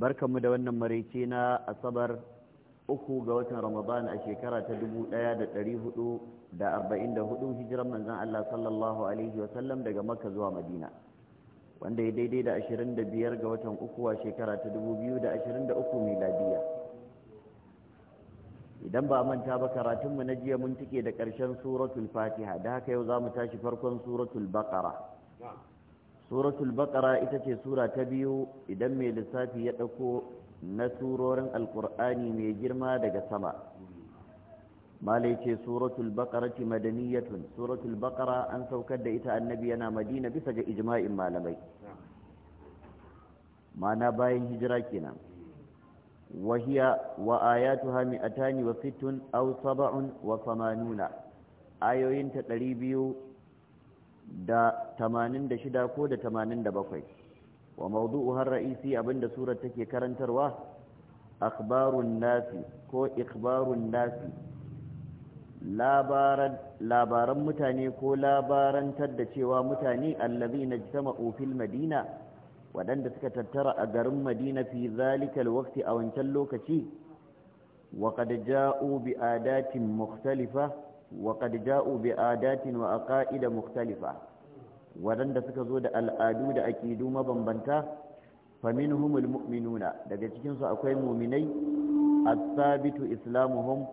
barkanmu da wannan maraice na asabar uku ga watan ramadan a shekara ta 1444 hijiran manzan Allah sallallahu alaihi wasallam daga makka zuwa madina wanda ya daidai da 25 ga watan uku a shekara ta 2023 miladiya idan ba manta ba karatunmu na jiya mun tike da ƙarshen suratul fatiha da haka yau za mu tashi farkon suratul baqara suratul baqara ita ce sura ta biyu idan mai lissafi ya ɗauko na surorin alkur'ani mai girma daga sama malai ce suratul baqara ce madaniyatun suratul baqara an saukar da ita annabi yana madina bisa ga ijma'in malamai ma'ana bayan hijira kenan wahiya wa ayatuha mi'atani wa sittun aw sab'un wa samanuna ayoyinta ɗari biyu da 86 ko da 87 wa mawdu'uha ar-ra'isi abinda surar take karantarwa akhbarun nasi ko ikhbarun nasi labaran labaran mutane ko labarantar da cewa mutane allazi na jitama ofil madina wadanda suka tattara a garin madina fi zalikal waqti a wancan lokaci wa qad ja'u bi adatin mukhtalifa وقد جاءوا بآدات وأقائد مختلفة ودند سكزود الآدود أكيدو مبنبنتا فمنهم المؤمنون daga cikin su akwai mu'minai as-sabitu islamuhum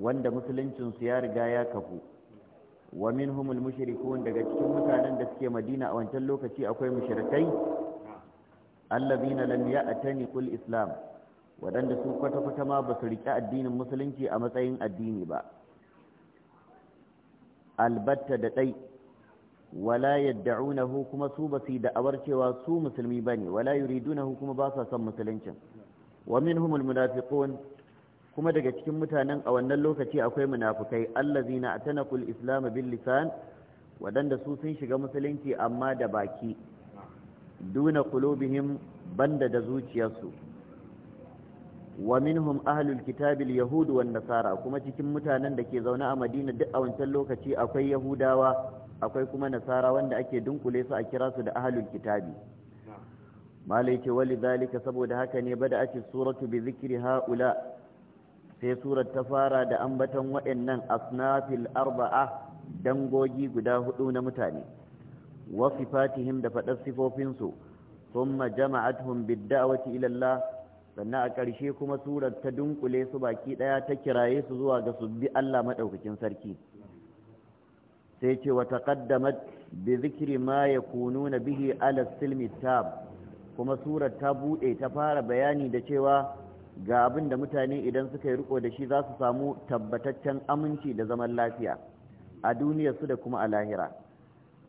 wanda musuluncin su ya riga ya kafu wa minhum al-mushrikun daga cikin mutanen da suke Madina a wancan lokaci akwai mushrikai allazina lam ya'tani kul islam wadanda su kwata-kwata ma ba su riƙe addinin musulunci a matsayin addini ba albatta da ɗai wala yadda'unahu kuma su ba su da'awar cewa su musulmi bane wala yuridunahu kuma ba sa son musuluncin wa minhumul munafiqun kuma daga cikin mutanen a wannan lokaci akwai munafikai a atanaqul islam bil lisan wadanda su sun shiga musulunci amma da baki duna kulobihim banda da zuciyarsu wa minhum ahlul kitab al-yahud nasara kuma cikin mutanen da ke zaune a Madina duk a wancan lokaci akwai Yahudawa akwai kuma Nasara wanda ake dunkule su a kira su da ahlul kitabi malai ce wali zalika saboda haka ne bada ake suratu bi zikri haula sai surar ta fara da ambaton waɗannan asnafil arba'a dangogi guda hudu na mutane wa sifatihim da faɗar sifofinsu thumma jama'atuhum bid da'wati ila Allah sannan a ƙarshe kuma surar ta dunkule su baki ɗaya ta kiraye su zuwa ga su bi Allah maɗaukakin sarki sai ce wata ƙaddama bi zikiri ma na bihi ala silmi ta kuma surar ta buɗe ta fara bayani da cewa ga abin da mutane idan suka yi riko da shi za su samu tabbataccen aminci da zaman lafiya a duniyarsu da kuma a lahira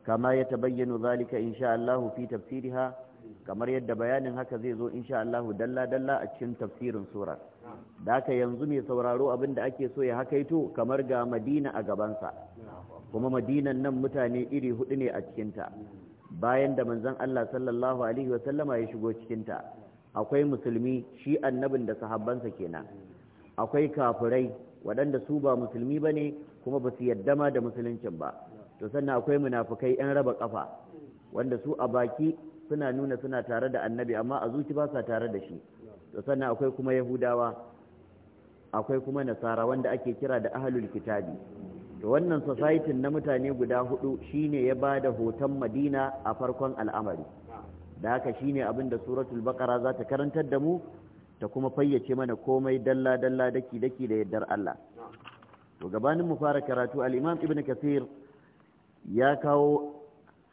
kama ya tabayyana zalika insha Allah fi tafsiriha kamar yadda bayanin haka zai zo insha Allahu dalla dalla a cikin tafsirin sura da haka yanzu mai sauraro abin da ake so ya hakaito kamar ga madina a gabansa kuma madinan nan mutane iri hudu ne a cikinta bayan da manzon Allah sallallahu alaihi wa ya shigo cikinta akwai musulmi shi annabin da sahabbansa kenan akwai kafirai waɗanda su ba musulmi ba ne kuma ba su yadda ma da musuluncin ba to sannan akwai munafukai 'yan raba kafa wanda su a baki suna nuna suna tare da annabi amma a zuci ba sa tare da shi sannan akwai kuma yahudawa akwai kuma nasara wanda ake kira da ahlul kitabi to wannan society na mutane guda hudu shine ya ba da hoton madina a farkon al'amari da haka shine abin da suratul baqara za ta karantar da mu ta kuma fayyace mana komai dalla dalla daki daki da yardar Allah to gabanin mu fara karatu al-imam ibnu kathir ya kawo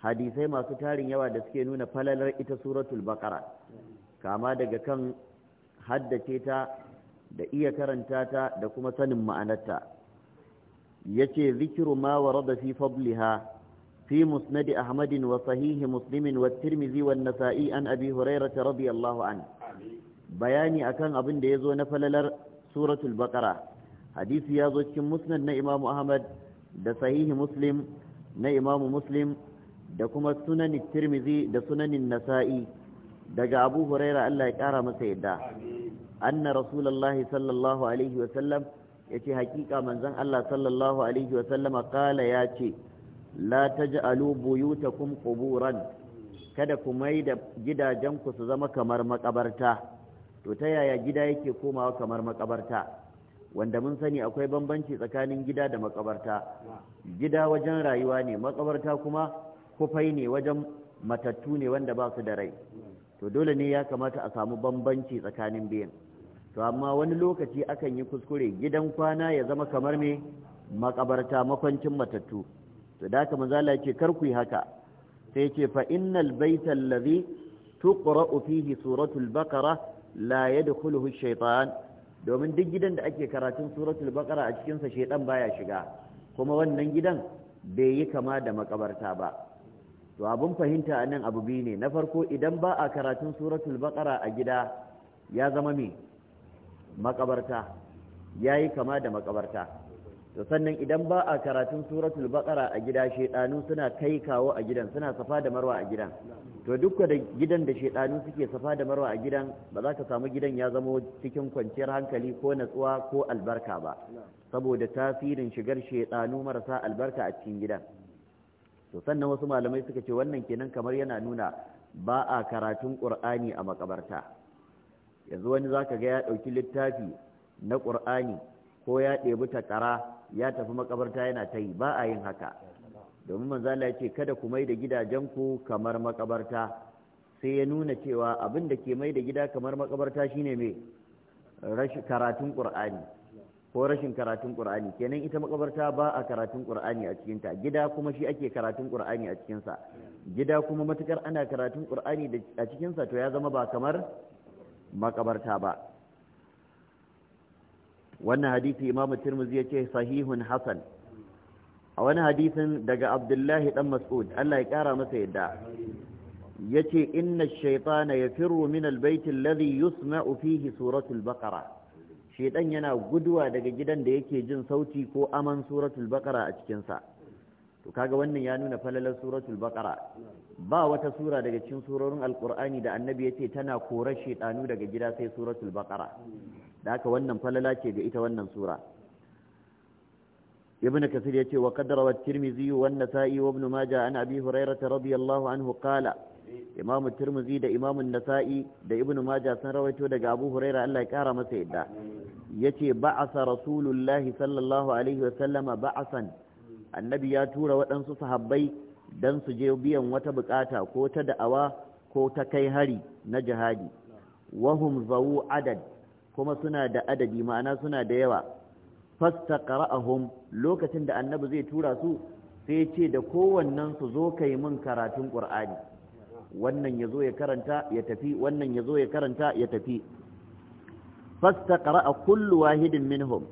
hadisai masu tarin yawa da suke nuna falalar ita suratul baqara kama daga kan haddace ta da iya karanta ta da kuma sanin ma'anarta yace zikiru ma warada fi fabliha fi musnad ahmad wa sahih muslim wa tirmidhi wa nasai an abi hurayra radiyallahu an bayani akan abin da zo na falalar suratul baqara hadisi zo cikin musnad na imam ahmad da sahihi muslim na imam muslim da kuma sunan tirmizi da sunanin nasa'i daga abu huraira Allah ya kara masa yadda anna rasulullahi sallallahu alaihi wa ya ce hakika manzan Allah sallallahu alaihi wa sallama kala ya ce la taj'alu buyutakum quburan kada ku mai da gidajen ku su zama kamar makabarta to ta yaya gida yake komawa kamar makabarta wanda mun sani akwai bambanci tsakanin gida da makabarta gida wajen rayuwa ne makabarta kuma kufai ne wajen matattu ne wanda ba su da rai to dole ne ya kamata a samu bambanci tsakanin biyan to amma wani lokaci akan yi kuskure gidan kwana ya zama kamar me makabarta makwancin matattu to da haka manzo Allah kar ku yi haka sai ce fa innal baita allazi tuqra'u fihi suratul baqara la yadkhuluhu shaytan domin duk gidan da ake karatun suratul baqara a cikin sa shaytan baya shiga kuma wannan gidan bai yi kama da makabarta ba to abin fahimta a nan abu biyu ne na farko idan ba a karatun suratul baqara a gida ya zama me makabarta ya kama da makabarta to sannan idan ba a karatun suratul baqara a gida shedanu suna kai kawo a gidan suna safa da marwa a gidan to duk da gidan da shedanu suke safa da marwa a gidan ba za ka samu gidan ya zama cikin kwanciyar hankali ko natsuwa ko albarka ba saboda tasirin shigar shedanu marasa albarka a cikin gidan to sannan wasu malamai suka ce wannan kenan kamar yana nuna ba a karatun ƙur'ani a makabarta yanzu wani zaka ga ya ɗauki littafi na ƙur'ani ko ya ɗebi takara ya tafi makabarta yana ta yi ba a yin haka domin manzala ya ce kada ku mai da ku kamar makabarta sai ya nuna cewa abin da ke mai da gida kamar makabarta shine mai karatun ƙur'ani ko rashin karatun qur'ani kenan ita makabarta ba a karatun qur'ani a cikin ta gida kuma shi ake karatun qur'ani a cikin sa gida kuma matukar ana karatun qur'ani a cikin sa to ya zama ba kamar makabarta ba wannan hadisi imam tirmidhi yace sahihun hasan a wani hadisin daga abdullahi dan mas'ud Allah ya kara masa yadda yace inna ash-shaytana yafirru min al-bayt alladhi yusma'u fihi suratul baqara shedan yana guduwa daga gidan da yake jin sauti ko aman suratul baqara a cikin sa to kaga wannan ya nuna falalar suratul baqara ba wata sura daga cikin surorin alqur'ani da annabi yace tana korar shedanu daga gida sai suratul baqara da haka wannan falala ce ga ita wannan sura ibn wa كثير يتي وقد wa an-nasa'i wa maja majah an hurairata hurairah radiyallahu anhu qala imamu tirmizi da imamu nasa'i da Ibn maja sun rawaito daga abu huraira Allah ya kara masa yadda yace ba'asa rasulullahi sallallahu alaihi wa ba'asan annabi ya tura waɗansu sahabbai dan su je biyan wata bukata ko ta da'awa ko ta kai hari na jihadi wahum zawu adad kuma suna da adadi ma'ana suna da yawa fastaqra'ahum lokacin da annabi zai tura su sai ce da kowannen su zo kai mun karatun qur'ani wannan ya zo ya karanta ya tafi wannan ya zo ya karanta ya tafi fasta ƙara'a kullu wahidin minhum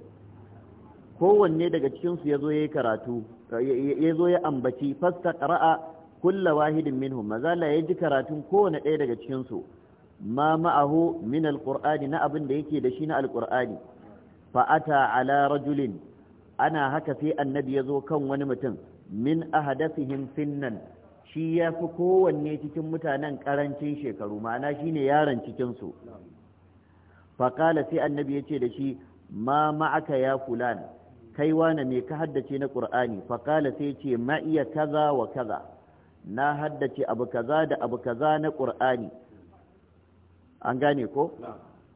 kowanne daga cikinsu ya zo ya yi karatu ya zo ya ambaci fasta ƙara'a kulla wahidin minhum mazala ya ji karatun kowane ɗaya daga cikinsu ma ma'ahu min alƙur'ani na abin da yake da shi na alƙur'ani fa'ata ala rajulin ana haka sai annabi ya zo kan wani mutum min ahadasihim finnan shi ya fi kowanne cikin mutanen ƙarancin shekaru ma'ana shi ne yaron cikinsu faƙala sai annabi ya ce da shi ma ma'aka ya fulan kai wane me ka haddace na ƙur'ani faƙala sai ce ma'iya kaza wa kaza na haddace abu kaza da abu kaza na ƙur'ani an gane ko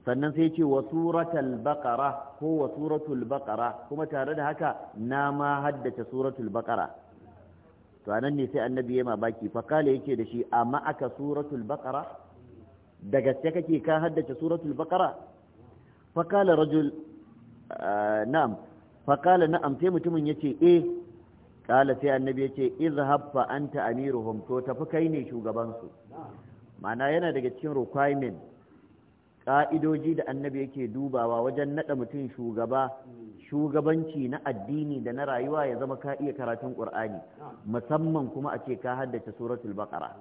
sannan sai ce wa suratul baqara ko wa suratul baqara kuma tare da haka na ma haddace suratul baqara to anan ne sai annabi ya mamaki fa kale yake da shi amma aka suratul baqara daga gaske kake ka haddace suratul baqara fa kala rajul eh, na'am fa na'am sai mutumin yace eh kala sai annabi yace izhab fa anta amiruhum to tafi kai ne shugaban su ma'ana yana daga cikin requirement ƙa'idoji da annabi yake dubawa wajen naɗa mutum shugaba shugabanci na addini da na rayuwa ya zama ka iya karatun ƙur'ani musamman kuma a ce ka haddace suratul baqara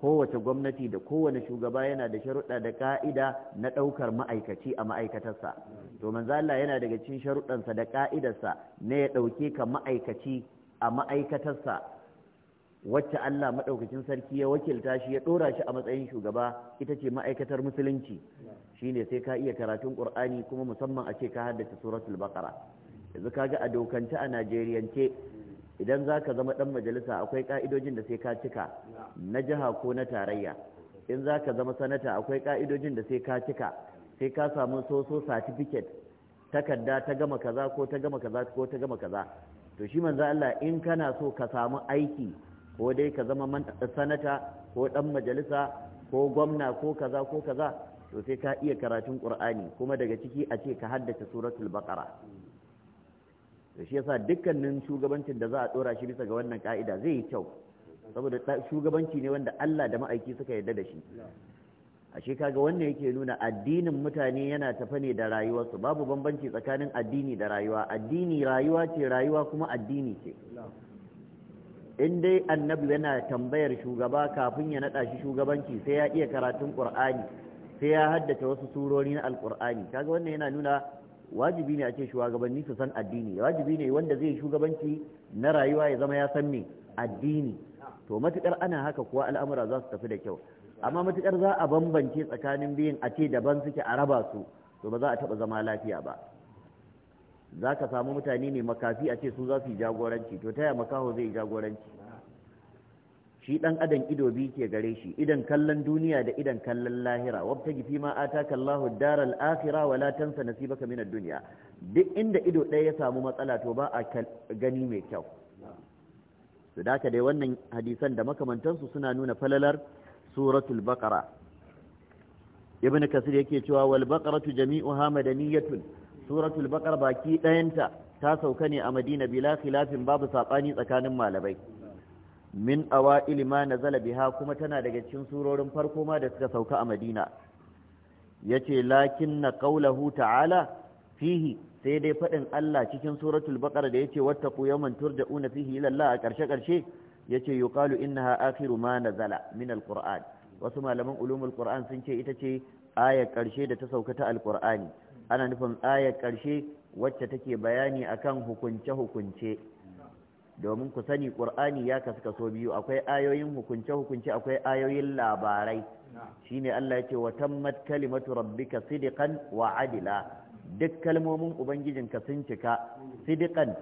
kowace gwamnati da kowane shugaba yana da sharuɗa da ƙa'ida na ɗaukar ma'aikaci a ma'aikatarsa domin manzo yana daga cin sharuɗansa da ƙa'idarsa ne ya ɗauke ka ma'aikaci a ma'aikatarsa wacce Allah maɗaukacin sarki ya wakilta shi ya ɗora shi a matsayin shugaba ita ce ma'aikatar musulunci shine sai ka iya karatun ƙur'ani kuma musamman a ce ka haddace suratul baqara yanzu kaga a dokance a najeriyance idan za ka zama ɗan majalisa akwai ka'idojin da sai ka cika na jiha ko na tarayya in za ka zama sanata akwai ka'idojin da sai ka cika sai ka samu soso satifiket takarda ta gama kaza ko ta gama kaza ko ta gama kaza to shi manzo Allah in kana so ka samu aiki ko dai ka zama sanata ko ɗan majalisa ko gwamna ko kaza ko kaza to sai ka iya karatun qur'ani kuma daga ciki a ce ka haddace suratul baqara to shi yasa dukkanin shugabancin da za a dora shi bisa ga wannan ka'ida zai yi kyau saboda shugabanci ne wanda Allah da ma'aiki suka yarda da shi ashe kaga wannan yake nuna addinin mutane yana tafe ne da rayuwarsu babu bambanci tsakanin addini da rayuwa addini rayuwa ce rayuwa kuma addini ce in dai annabi yana tambayar shugaba kafin ya naɗa shi shugabanci sai ya iya karatun ƙur'ani sai ya haddace wasu surori na alƙur'ani kaga wannan yana nuna wajibi ne a ce shugabanni su san addini wajibi ne wanda zai shugabanci na rayuwa ya zama ya san me addini to matukar ana haka kuwa al'amura za su tafi da kyau amma matukar za a bambance tsakanin biyun a ce daban suke a raba su to ba za a taba zama lafiya ba za ka samu mutane ne makafi a ce su za su yi jagoranci to taya makaho zai yi jagoranci shi dan adam ido biyu ke gare shi idan kallon duniya da idan kallon lahira wabta gifi ma Kallahu kalla daral akhirah wala tansa nasibaka min ad-dunya duk inda ido ɗaya ya samu matsala to ba a gani mai kyau to da dai wannan hadisan da makamantansu suna nuna falalar suratul baqara ibn kasir yake cewa wal baqaratu jami'uha madaniyatun suratul baƙar baki ɗayanta ta sauka ne a madina bila khilafin babu saɓani tsakanin malamai min ilima na nazala biha kuma tana daga cikin surorin farko ma da suka sauka a madina yace lakin na ƙaulahu ta'ala fihi sai dai faɗin Allah cikin suratul baqara da yace wattaqu yawman turja'una fihi ila a ƙarshe ƙarshe yace yuqalu innaha akhiru ma nazala min alƙur'an? wasu malaman ulumul qur'an sun ce ita ce ayar ƙarshe da ta sauka ta Alƙur'ani. ana nufin ayar ƙarshe wacce take bayani akan hukunce-hukunce domin ku sani ƙur'ani ya kasu kaso biyu akwai ayoyin hukunce-hukunce akwai ayoyin labarai shine Allah ya wa tammat kalimatu rabbika sidqan wa adila duk kalmomin ubangijinka sun cika sidqan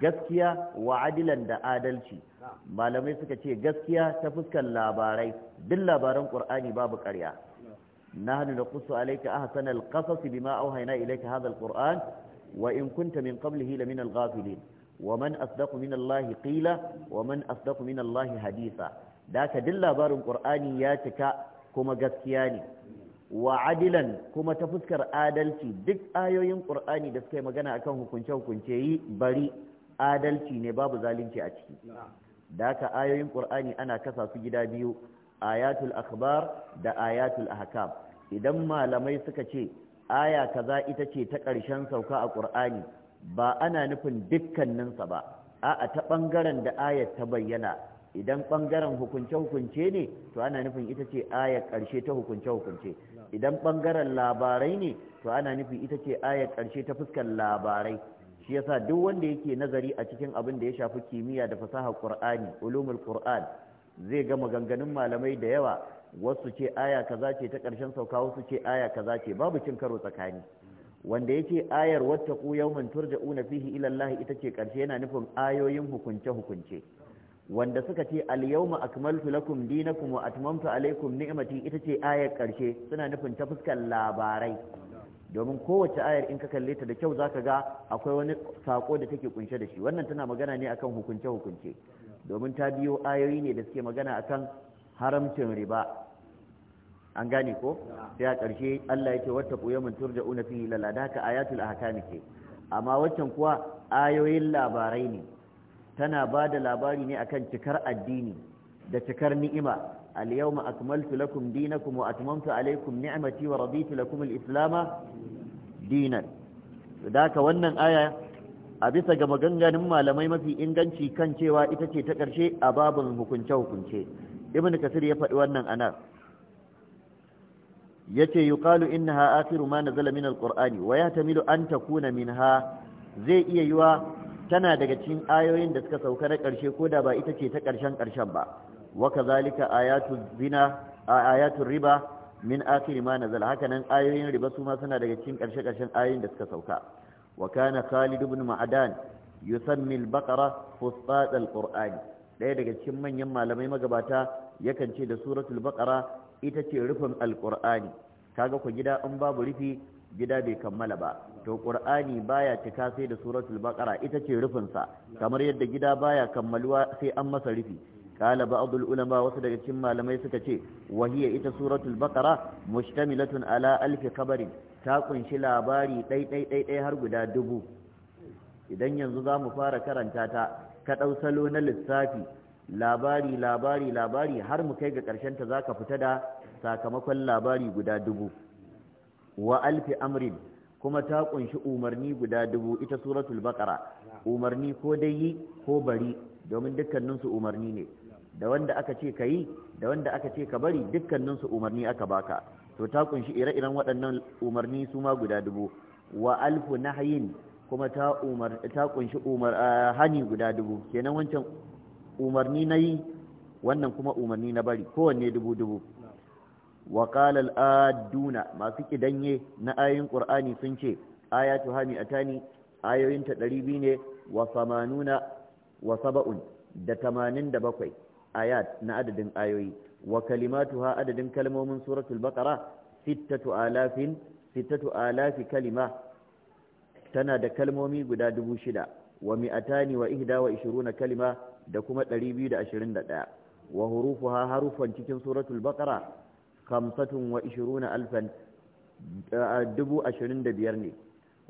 gaskiya wa adilan da adalci malamai suka ce gaskiya ta fuskar labarai duk labaran ƙur'ani babu ƙarya nahnu naqussu alayka ahsana alqasas bima awhayna ilayka hadha alquran wa in kunta min qablihi lamina alghafilin wa man asdaqu min allahi qila wa man asdaqu min allahi haditha da ka duk labarin ƙur'ani ya cika kuma gaskiya ne wa adilan kuma ta fuskar adalci duk ayoyin ƙur'ani da suka magana akan hukunce hukunce yi bari adalci ne babu zalunci a ciki da haka ayoyin ƙur'ani ana kasa su gida biyu ayatul akhbar da ayatul ahkam idan malamai suka ce aya kaza ita ce ta ƙarshen sauka a ƙur'ani ba ana nufin dukkaninsa ba a'a ta ɓangaren da ayar ta bayyana idan ɓangaren hukunce-hukunce ne to ana nufin ita ce ayar ƙarshe ta hukunce-hukunce idan ɓangaren labarai ne to ana nufin ita ce ayar ƙarshe ta fuskar labarai shi yasa duk wanda yake nazari a cikin abin da ya shafi kimiyya da fasahar qur'ani ulumul qur'an zai gama ganganin malamai da yawa wasu ce aya kaza ce ta ƙarshen sauka wasu ce aya kaza ce babu cin karo tsakani wanda yake ayar wattaqu yawman turja'una fihi ila Allah ita ce ƙarshe yana nufin ayoyin hukunce hukunce wanda suka ce al-yawma akmaltu lakum dinakum wa atmamtu alaykum ni'mati ita ce ayar ƙarshe suna nufin ta fuskar labarai domin kowace ayar in ka kalle ta da kyau zaka ga akwai wani sako da take kunshe da shi wannan tana magana ne akan hukunce hukunce domin ta biyo ayoyi ne da suke magana akan haramcin riba an gane ko sai a ƙarshe Allah ya ce wata ƙuyamin turja'una fihi lalla da haka ayatul ahkami ce amma waccan kuwa ayoyin labarai ne tana ba da labari ne akan cikar addini da cikar ni'ima al-yawma akmaltu lakum dinakum wa atmamtu alaykum wa raditu lakum al-islamu wannan a bisa ga maganganun malamai mafi inganci kan cewa ita ce ta ƙarshe a babin hukunce-hukunce ibn kasir ya faɗi wannan anar yace yuqalu innaha akhiru ma nazala min alqur'ani wa milu an takuna ha zai iya yiwa tana daga cikin ayoyin da suka sauka na ƙarshe ko da ba ita ce ta ƙarshen ƙarshen ba wa kazalika ayatu riba min akhiri ma nazala haka nan ayoyin riba su ma suna daga cikin ƙarshe ƙarshen ayoyin da suka sauka وكان خالد بن معدان يسمي البقرة فصاد القرآن ɗaya daga cikin manyan malamai magabata yakan ce da suratul baƙara ita ce rufin alqur'ani kaga ku gida in babu rufi gida bai kammala ba to qur'ani baya cika sai da suratul baƙara ita ce rufin sa kamar yadda gida baya kammaluwa sai an masa rufi قال بعض العلماء وصدق كما لما يسكتي وهي إتا سورة البقرة مشتملة على ألف خبر تاكن شلا باري تي تي تي تي هرق دا دبو إذن ta kaɗau salo كتوصلون للسافي labari labari labari har mu kai ga ƙarshen ta zaka fita da sakamakon labari guda dubu wa alfi amrin kuma ta kunshi umarni guda dubu ita suratul baqara umarni ko dai ko bari domin dukkaninsu umarni ne da wanda aka ce ka yi da wanda aka ce ka bari dukkaninsu umarni aka baka to ta kunshi ire-iren waɗannan umarni su ma guda dubu wa alfu nahyin kuma ta umar kunshi hani guda dubu kenan wancan umarni na yi wannan kuma umarni na bari kowanne dubu dubu wa qala aduna masu kidanye na ayoyin qur'ani sun ce ayatu hami atani ayoyin ta 200 ne wa samanuna wa saba'un da 87 ayat na adadin ayoyi wa kalimatuha adadin kalmomin suratul baqara sittatu alafin sittatu alafi kalima tana da kalmomi guda dubu shida wa mi'atani wa ihda wa ishiruna kalima da kuma ɗari biyu da ashirin da ɗaya wa hurufuha harufan cikin suratul baqara kamsatun wa ishiruna alfan dubu ashirin da biyar ne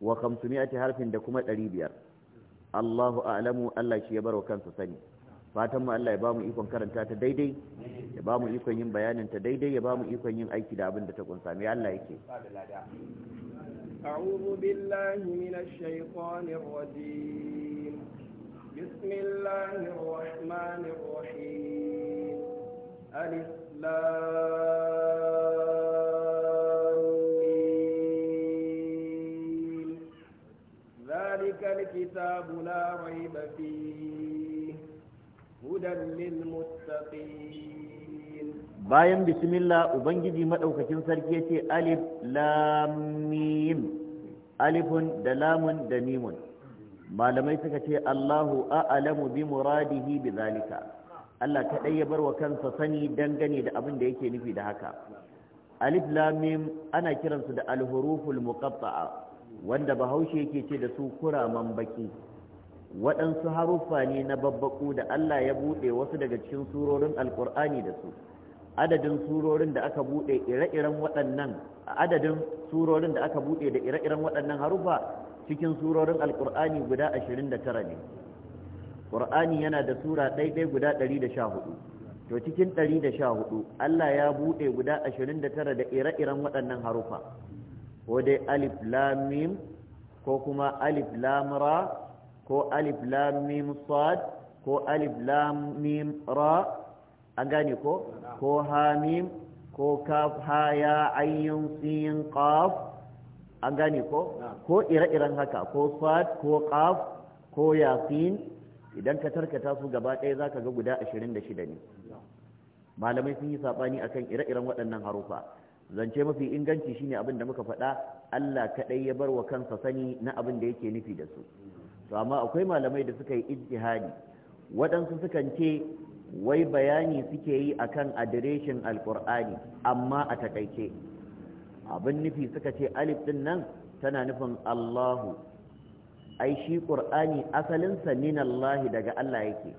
wa kamsumiyati harfin da kuma ɗari biyar Allahu a'lamu Allah shi ya bar wa kansa sani fatan mu Allah ya bamu ikon karanta ta daidai ya bamu ikon yin bayanin ta daidai ya bamu ikon yin aiki da abin da ta kunsa me Allah yake أعوذ بالله من الشيطان الرجيم بسم الله الرحمن الرحيم ألف ذلك الكتاب لا ريب فيه lil muttaqin bayan bismillah ubangiji madaukakin sarki yace alif lam mim alifun da lamun da mimun malamai suka ce Allahu a'lamu bi muradihi bi zalika Allah kaɗai ya wa kansa sani dangane da abin da yake nufi da haka alif lam ana kiransu da al-huruful muqatta'a wanda bahaushe yake ce da su kuraman baki waɗansu haruffa ne na babbaku da Allah ya buɗe wasu daga cikin surorin alkur'ani da su adadin surorin da aka buɗe ire-iren waɗannan adadin surorin da aka buɗe da ire-iren waɗannan haruffa cikin surorin alkur'ani guda 29 ne ƙur'ani yana da sura ɗaiɗai guda 114 to cikin 114 Allah ya buɗe guda 29 da ire-iren waɗannan haruffa ko dai alif lam mim ko kuma alif lam ra ko alif lam mim sad ko alif lam mim ra a gane ko ko ha ko kaf ha ya ayyun sin qaf a gane ko ko ire-iren haka ko sad ko qaf ko yasin idan ka tarkata su gaba ɗaya za ka ga guda 26 ne malamai sun yi saɓani akan ire-iren waɗannan harufa zance mafi inganci shine abin da muka faɗa Allah kaɗai ya bar wa kansa sani na abin da yake nufi da su to amma akwai malamai da suka yi ijtihadi waɗansu sukan ce wai bayani suke yi akan adireshin alkur'ani amma a takaice abin nufi suka ce alif ɗin nan tana nufin allahu ai shi ƙur'ani asalinsa min daga allah yake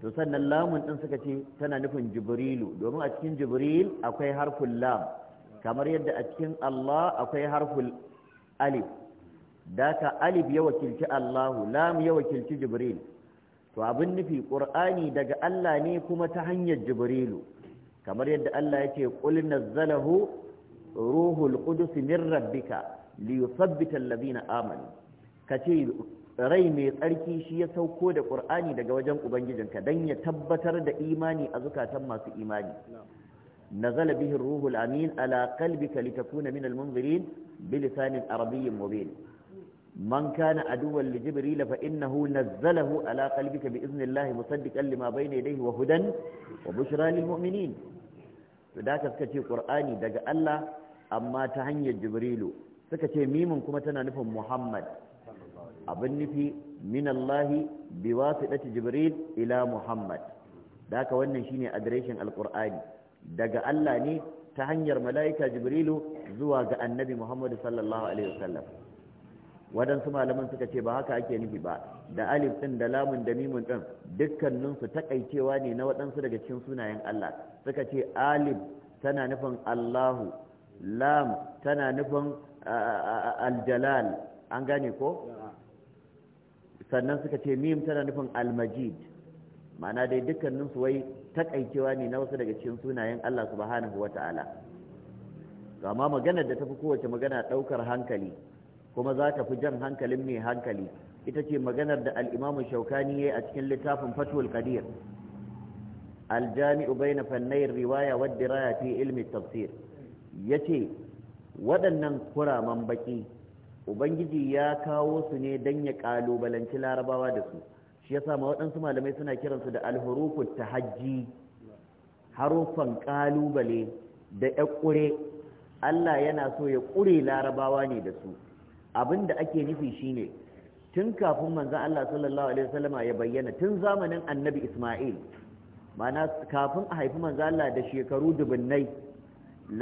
to sannan lamun ɗin suka ce tana nufin jibrilu domin a cikin jibril akwai harful lam kamar yadda a cikin allah akwai harful alif daka alif ya wakilci Allahu lam ya wakilci Jibril to abin nufi ƙur'ani daga Allah ne kuma ta hanyar Jibrilu kamar yadda Allah yake qul zalahu ruhul qudus min rabbika liyuthabbita Amani, ka ce rai mai tsarki shi ya sauko da ƙur'ani daga wajen ubangijinka don ya tabbatar da imani a zukatan masu imani نزل به الروح الأمين على قلبك لتكون من المنظرين بلسان عربي مبين Manka na aduwwan li jibril fa innahu nazzalahu ala qalbika bi idhnillah musaddiqan lima bayna yadayhi wa hudan wa bushra mu'minin to da ka suka ce qur'ani daga Allah amma ta hanyar jibrilu suka ce mimin kuma tana nufin muhammad abin nufi min Allah bi wasitati jibril ila muhammad da haka wannan shine adireshin alqur'ani daga Allah ne ta hanyar mala'ika jibrilu zuwa ga annabi Muhammadu sallallahu alaihi wasallam waɗansu malaman suka ce ba haka ake nufi ba da alif ɗin da lamun da mimun ɗin dukkaninsu takaicewa ne na waɗansu daga cikin sunayen Allah suka ce alif tana nufin Allahu lam tana nufin aljalal an gane ko sannan suka ce mim tana nufin almajid ma'ana dai dukkaninsu wai takaicewa ne na wasu daga cikin sunayen Allah subhanahu wata'ala ta'ala amma maganar da tafi kowace magana ɗaukar hankali kuma za ta fi jan hankalin mai hankali ita ce maganar da al'imamu shaukani ya yi a cikin littafin fatul qadir aljami'u bai na fannayin riwaya wadda raya fi ilmi tafsir ya ce waɗannan kuraman baƙi ubangiji ya kawo su ne don ya ƙalubalanci larabawa da su shi ya sama waɗansu malamai suna kiransu da alhurufu ta hajji harufan ƙalubale da ya ƙure allah yana so ya ƙure larabawa ne da su abin da ake nufi shine tun kafin manzan Allah sallallahu alaihi wasallama ya bayyana tun zamanin annabi Ismail mana kafin a haifi manzan Allah da shekaru dubunnai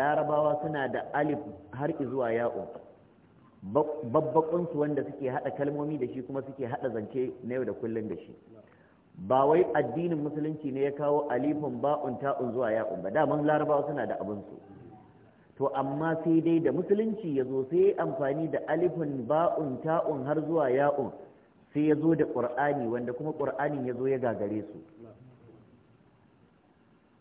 larabawa suna da alif har zuwa ya'u babbakunsu wanda suke haɗa kalmomi da shi kuma suke haɗa zance na yau da kullum da shi ba wai addinin musulunci ne ya kawo alifin ba'un ta'un zuwa ya'un ba daman larabawa suna da abinsu to amma sai dai da musulunci ya zo sai amfani da alifin ba'un ta'un har zuwa ya'un sai ya zo da ƙur'ani wanda kuma ƙur'anin ya zo ya gagare su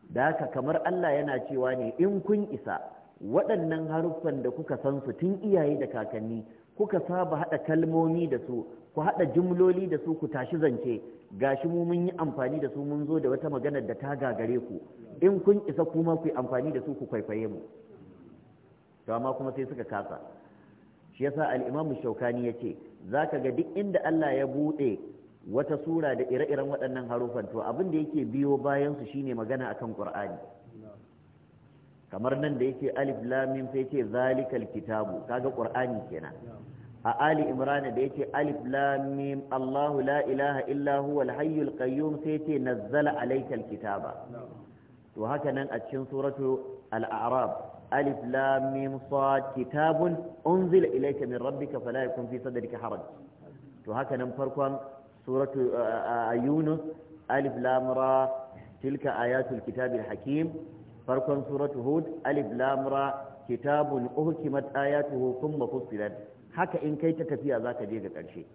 da haka kamar Allah yana cewa ne in kun isa waɗannan haruffan da kuka san su tun iyaye da kakanni kuka saba haɗa kalmomi da su ku haɗa jumloli da su ku tashi zance gashi mu mun yi amfani da su mun zo da wata maganar da ta gagare ku in kun isa kuma ku yi amfani da su ku kwaikwaye mu kama kuma sai suka kasa shi yasa al-imamu shaukani yace zaka ga duk inda Allah ya bude wata sura da ire-iren waɗannan harufan to abin da yake biyo bayan su shine magana akan kur'ani kamar nan da yake alif lam sai ce zalikal kitabu kaga Qur'ani kenan a Ali Imran da yake alif lam Allahu la ilaha illa huwa al qayyum sai ce nazzala alaykal kitaba to haka nan a cikin suratu al a'rab alif lam mim sad kitabun unzila ilayka min rabbika fala yakun fi sadrika haraj to haka nan farkon suratu yunus alif lam ra tilka ayatul kitabil hakim farkon suratu hud alif lam ra kitabun uhkimat ayatuhu thumma haka in kai ta tafiya zaka je ga karshe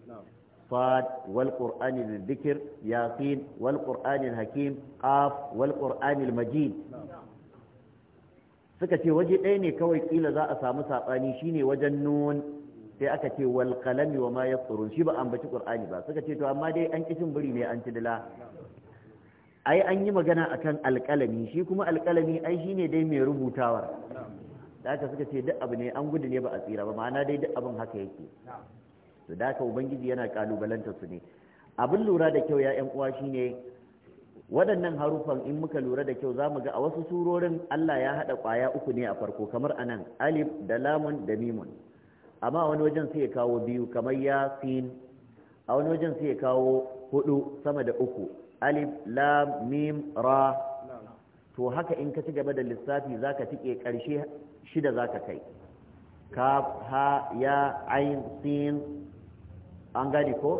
صاد والقرآن للذكر ياسين hakim الحكيم قاف والقرآن المجيد suka ce waje ɗaya ne kawai kila za a samu saɓani shi ne wajen nun sai aka ce wal qalami wa ma tsoron shi ba an baci ƙur'ani ba suka ce to amma dai an kishin biri ne an tidila ai an yi magana akan alƙalami shi kuma alƙalami ai ne dai mai rubutawar da aka suka ce duk abu ne an gudu ne ba a tsira ba ma'ana dai duk abin haka yake to da ubangiji yana kalubalanta su ne abin lura da kyau ya yan uwa shine waɗannan harufan in muka lura da kyau za mu ga a wasu surorin Allah ya haɗa ƙwaya uku ne a farko kamar anan alif da lamun da mimun amma a wani wajen sai ya kawo biyu kamar yasin a wani wajen sai ya kawo hudu sama da uku alif lam mim ra to haka in ka ci gaba da lissafi za ka tike karshe shida za ka kai kaf ha ya ain sin an gadi ko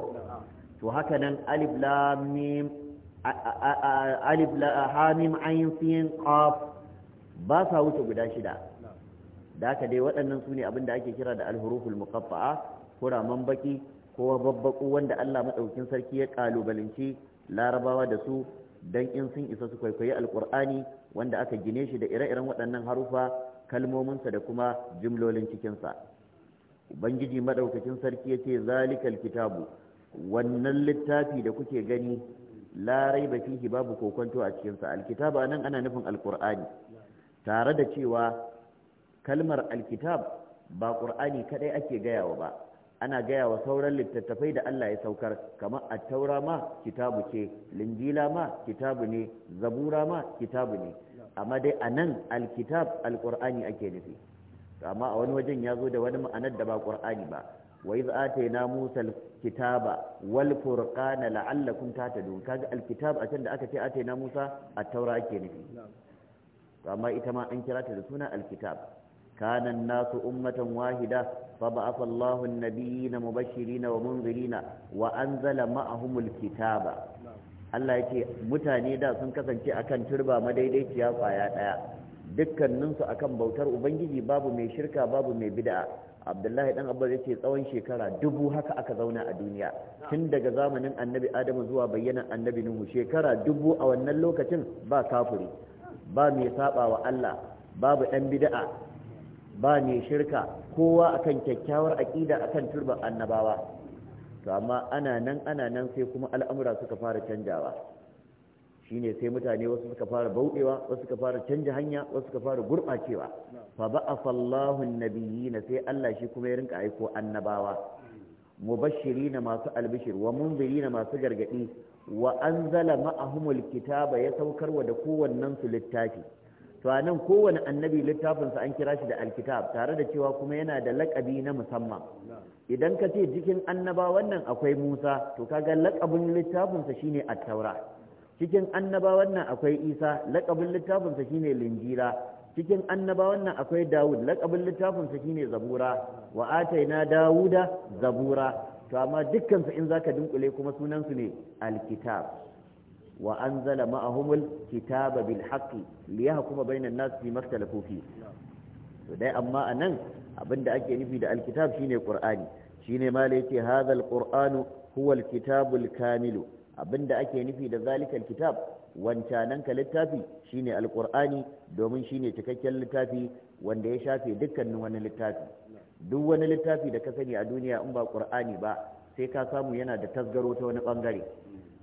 to haka nan alif lam mim alif hamim ayin siyin qaf ba sa wuce guda shida da ka dai waɗannan su ne abin ake kira da alhuruful muqaffa'a raman baki ko babbaku wanda Allah madaukin sarki ya ƙalubalance larabawa da su dan in sun isa su kwaikwayi alqur'ani wanda aka gine shi da ire-iren waɗannan harufa sa, da kuma jimlolin cikinsa ubangiji madaukakin sarki yace zalikal kitabu wannan littafi da kuke gani Larai raiba fihi babu kokonto a cikin sa alkitab anan ana nufin alqur'ani tare da cewa kalmar alkitab ba ƙur'ani kadai ake gayawa ba ana gayawa sauran littattafai da Allah ya saukar kamar attaura ma kitabu ce linjila ma kitabu ne zabura ma kitabu ne amma dai a nan alkitab alƙur'ani ake nufi amma a wani wajen ya zo da wani ma'anar da ba ƙur'ani ba wa iz atayna musa alkitaba wal furqana la'allakum tahtadun kaga alkitab a can da aka ce atayna musa at-taura ake nufi amma ita ma an kira ta da suna alkitab kana an-nasu ummatan wahida fa Allahu an-nabiyina mubashirina wa munzirina wa anzala ma'ahumul kitaba Allah yake mutane da sun kasance akan turba madaidaiciya kwaya daya dukkaninsu akan bautar ubangiji babu mai shirka babu mai bid'a abdullahi dan abbas yace tsawon shekara dubu haka aka zauna a duniya tun daga zamanin annabi adamu zuwa bayyanan annabi nuhu shekara dubu a wannan lokacin ba kafuri ba mai saba Allah babu dan bida'a ba mai shirka kowa akan kyakkyawar aƙida akan turban annabawa to amma ana nan ana nan sai kuma al'amura suka fara canjawa shine sai mutane wasu suka fara bauɗewa wasu suka fara canja hanya wasu suka fara gurɓacewa fa ba'atha Allahu an-nabiyina sai Allah shi kuma ya rinka aiko annabawa Mu na masu albishir wa munzirina masu gargadi wa anzala ma'ahumul kitaba ya saukar wa da kowannen su littafi to anan kowanne annabi littafinsa an kira shi da alkitab tare da cewa kuma yana da lakabi na musamman idan ka ce cikin annaba wannan akwai Musa to kaga lakabin littafinsa shine at-taura cikin annaba wannan akwai Isa lakabin littafinsa shine linjira cikin annabawan nan akwai Dawud lakabin littafin sa shine Zabura wa ataina Dawuda Zabura to amma dukkan su in zaka dunkule kuma sunan su ne alkitab wa anzala ma'ahumul kitaba bil haqqi liyahkuma bainan nas fi maktalafu fi to dai amma anan abinda ake nufi da alkitab shine Qur'ani shine ma la yake hadha alqur'anu huwa alkitabul kamilu abinda ake nufi da zalikal kitab wancananka littafi shine al'kur'ani domin shine cikakken littafi wanda ya shafe dukkanin wani littafi duk wani littafi da ka sani a duniya in ba qur'ani ba sai ka samu yana da tasgaro ta wani bangare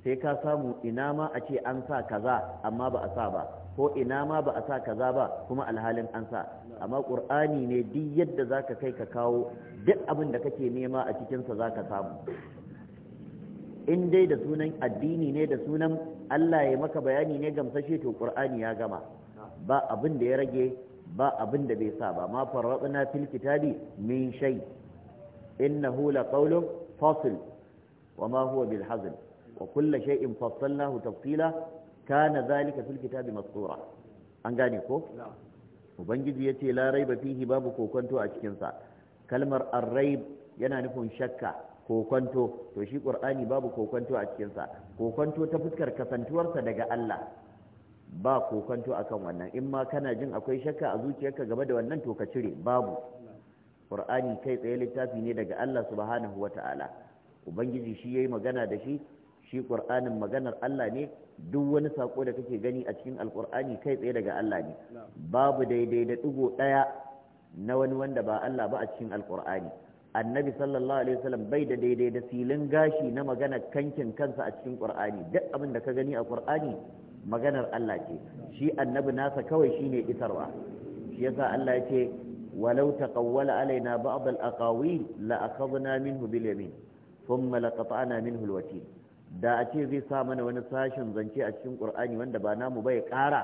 sai ka samu ina ma a ce an sa kaza amma ba a sa ba ko ina ma ba a sa kaza ba kuma alhalin an sa amma qur'ani ne duk yadda zaka kai ka kawo duk abin da kake nema a cikin sa zaka samu in dai da sunan addini ne da sunan Allah ya maka bayani ne gamsashe to Qur'ani ya gama ba abin da ya rage ba abin da bai sa ba ma farradna fil kitabi min shay innahu laqawlun fasl wama huwa bil hazl wa kullu shay'in fassalnahu tafsila kana zalika fil kitabi mastura an gane ko ubangiji yace la raiba fihi babu kokonto a cikin sa kalmar ar-raib yana nufin shakka Kokonto to shi ƙur'ani babu kokonto a cikinsa. sa ta fuskar kasantuwarsa daga Allah ba kokonto akan wannan in ma kana jin akwai shakka a zuciyarka game da wannan to ka cire babu qur'ani kai tsaye littafi ne daga Allah subhanahu wata'ala ubangiji shi yayi magana da shi shi qur'anin maganar Allah ne duk wani sako da kake gani a cikin alqur'ani kai tsaye daga Allah ne babu daidai da digo ɗaya na wani wanda ba Allah ba a cikin alqur'ani annabi sallallahu alaihi wasallam bai da daidai da filin gashi na magana kankin kansa a cikin qur'ani duk abin da ka gani a qur'ani maganar Allah ce shi annabi nasa kawai shine isarwa shi yasa Allah ya ce walau taqawwala alaina ba'd al-aqawil la akhadna minhu bil yamin thumma laqata'na minhu al-watin da a ce zai sa mana wani sashen zance a cikin qur'ani wanda ba namu bai kara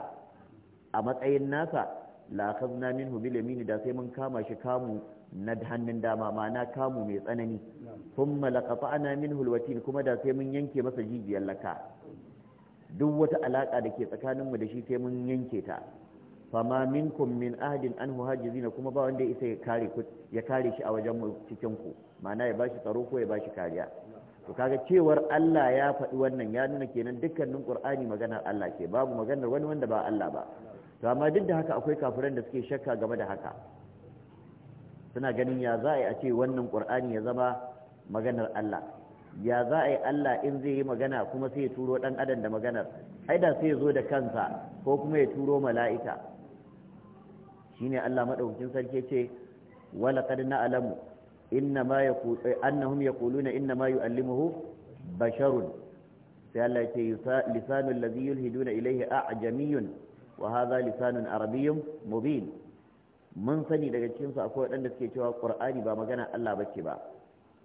a matsayin nasa la akhadna minhu bil yamin da sai mun kama shi kamu na hannun dama ma'ana kamu mai tsanani sun malakata ana min hulwatin kuma da sai mun yanke masa jijiyar laka duk wata alaƙa da ke tsakaninmu da shi sai mun yanke ta fama minkum min ahadin an Zina kuma ba wanda isa ya kare shi a wajen cikin ku ma'ana ya bashi tsaro ko ya bashi kariya to kaga cewar Allah ya faɗi wannan ya nuna kenan dukkanin Qur'ani maganar Allah ce babu maganar wani wanda ba Allah ba to amma duk da haka akwai kafiran da suke shakka game da haka suna ganin ya za a yi a ce wannan ƙur'ani ya zama maganar Allah ya za a yi Allah in zai yi magana kuma sai ya turo ɗan adam da maganar ai da sai ya zo da kansa ko kuma ya turo mala'ika shine Allah maɗaukacin sarki ce walaqad na'lamu innama yaqulu eh, na yaquluna innama yu'allimuhu basharun sai Allah ya ce lisanul ladhi yulhiduna ilayhi a'jamiyyun wa hadha lisanun arabiyyun mubin mun sani daga cikinsu akwai wanda suke cewa qur'ani ba magana Allah ba ce ba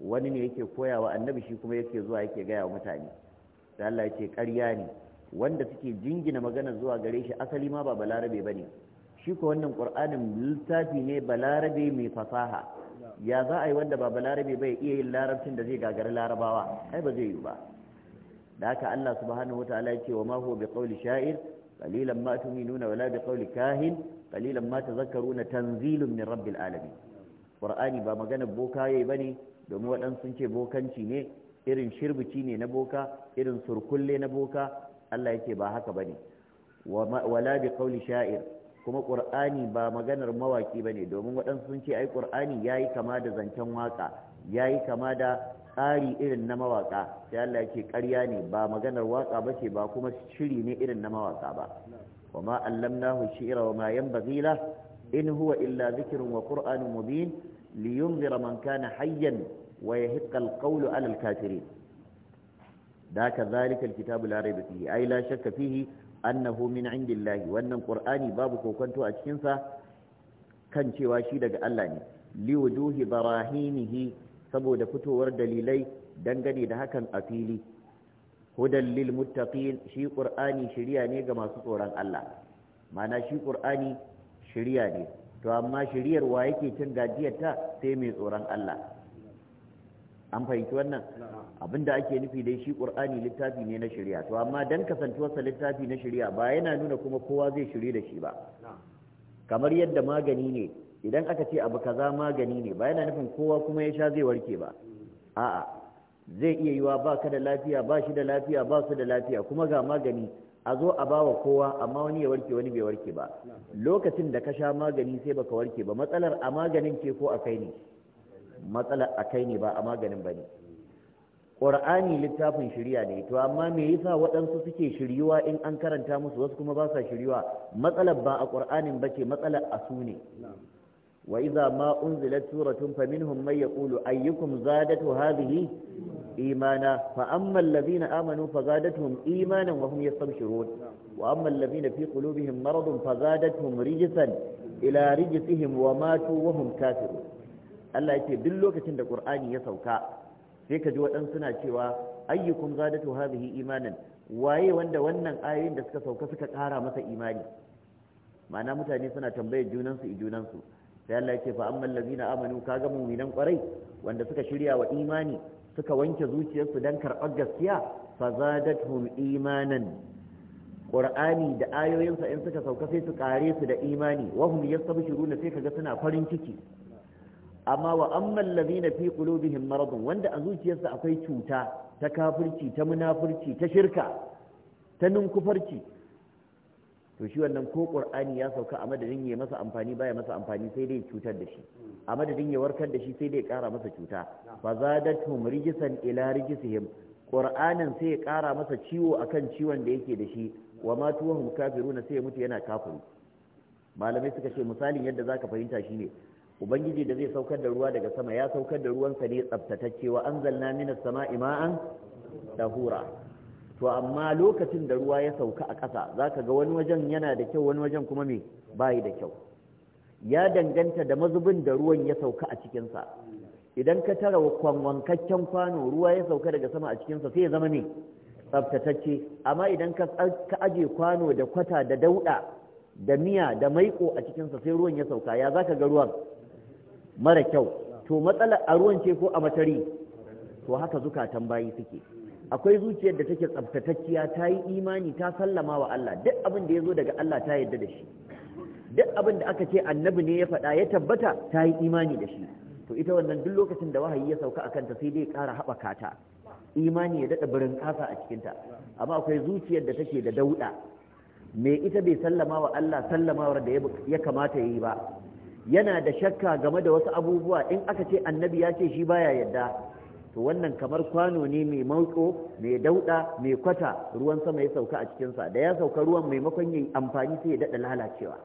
wani ne yake koyawa annabi shi kuma yake zuwa yake gaya wa mutane da Allah yake ƙarya ne wanda suke jingina magana zuwa gare shi asali ma ba balarabe ba ne shi ko wannan ƙur'anin littafi ne balarabe mai fasaha ya za a yi wanda ba balarabe ya iya yin larabcin da zai gagari larabawa ai ba zai yi ba da haka Allah subhanahu wa ta'ala ya ce wa ma huwa bi qawli sha'ir qalilan ma tu'minuna wala bi qawli kahin qalilan ma tazakkaruna tanzilun min rabbil alamin qur'ani ba magana boka yayi bane domin waɗansu sun ce bokanci ne irin shirbici ne na boka irin surkulle na boka Allah yake ba haka bane wala bi qawli sha'ir kuma ƙur'ani ba maganar mawaƙi ba ne domin waɗansu sun ce ai ƙur'ani ya yi kama da zancen waƙa ya yi kama da tsari irin na mawaƙa sai Allah ya ƙarya ne ba maganar waƙa ba ce ba kuma shiri ne irin na mawaƙa ba وما علمناه الشعر وما ينبغي له إن هو إلا ذكر وقرآن مبين لينذر من كان حيا ويهق القول على الكافرين ذاك ذلك الكتاب لا ريب فيه أي لا شك فيه أنه من عند الله وأن القرآن بابك وكنت أتشنسا كان شواشي دق ألاني لوجوه براهينه سبو دفتو ورد دليلي دنقني دهكا أفيلي hudan lil muttaqin shi qur'ani shiriya ne ga masu tsoron Allah mana shi qur'ani shiriya ne to amma shiriyar wa yake cin gajiyar ta sai mai tsoron Allah an fahimci wannan abinda ake nufi dai shi qur'ani littafi ne na shirya, to amma dan kasantuwarsa littafi na shirya, ba yana nuna kuma kowa zai shirya da shi ba kamar yadda magani ne idan aka ce abu kaza magani ne ba yana nufin kowa kuma ya sha zai warke ba a'a zai iya yiwa ba ka da lafiya ba shi da lafiya ba su da lafiya kuma ga magani a zo a bawa kowa amma wani ya warke wani bai warke ba lokacin da ka sha magani sai baka warke ba matsalar a maganin ce ko a kai ne matsalar a kai ne ba a maganin ba ne ƙwar'ani littafin shirya ne to amma me yasa waɗansu suke shiryuwa in an karanta musu wasu kuma ba sa shiryuwa matsalar ba a ƙur'anin ba ce matsalar a su ne wa idza ma unzilat suratun faminhum ya yaqulu ayyukum zadatu hadhihi إيمانا فأما الذين آمنوا فزادتهم إيمانا وهم يستبشرون وأما الذين في قلوبهم مرض فزادتهم رجسا إلى رجسهم وماتوا وهم كافرون Allah yake duk lokacin da ƙur'ani ya sauka sai ka ji na cewa ayyukum zadatu waye wanda wannan ayoyin da suka sauka suka ƙara masa imani ma'ana mutane suna tambayar junansu i junansu sai Allah ya ce fa amman lazina amanu kaga mu'minan kwarai wanda suka shirya wa imani suka wanke zuciyarsu dan karɓar gaskiya fa zadatuhum imanan qur'ani da ayoyinsa in suka sauka sai su kare su da imani wa hum yastabshiruna sai kaga suna farin ciki amma wa amman lazina fi qulubihim maradun wanda a zuciyarsa akwai cuta ta kafirci ta munafurci ta shirka ta ninkufarci to shi wannan ko qur'ani ya sauka a madadin ya masa amfani baya masa amfani sai dai cutar da shi a madadin ya warkar da shi sai dai kara masa cuta fa zadatu murjisan ila rijisihim qur'anin sai ya kara masa ciwo akan ciwon da yake da shi wa ma tuwahum kafiruna sai ya mutu yana kafiri malamai suka ce misalin yadda zaka fahimta shine ubangiji da zai saukar da ruwa daga sama ya saukar da ruwan sa ne tsaftatacce wa anzalna minas sama'i ma'an tahura to amma lokacin da ruwa ya sauka a ƙasa za ka ga wani wajen yana da kyau wani wajen kuma mai bayi da kyau ya danganta da mazubin da ruwan ya sauka a cikinsa idan ka tara wankakken kwano ruwa ya sauka daga sama a cikinsa sai ya zama ne tsaftatacce amma idan ka aje kwano da kwata da dauɗa da miya da maiko a cikinsa sai ruwan ya sauka ya za ka ga ruwan mara kyau to matsala a ruwan ce ko a matari to haka zukatan bayi suke akwai zuciyar da take tsaftatacciya ta yi imani ta sallama wa Allah duk abin da ya zo daga Allah ta yarda da shi duk abin da aka ce annabi ne ya faɗa ya tabbata ta yi imani da shi to ita wannan duk lokacin da wahayi ya sauka akan ta sai dai ƙara haɓaka ta imani ya daɗa birin ƙasa a cikinta amma akwai zuciyar da take da dauɗa me ita bai sallama wa Allah sallamawar da ya kamata ya yi ba yana da shakka game da wasu abubuwa in aka ce annabi ya ce shi baya yarda. to wannan kamar kwano ne mai mauko mai dauda mai kwata ruwan sama ya sauka a cikinsa da ya sauka ruwan maimakon yin amfani sai ya daɗa lalacewa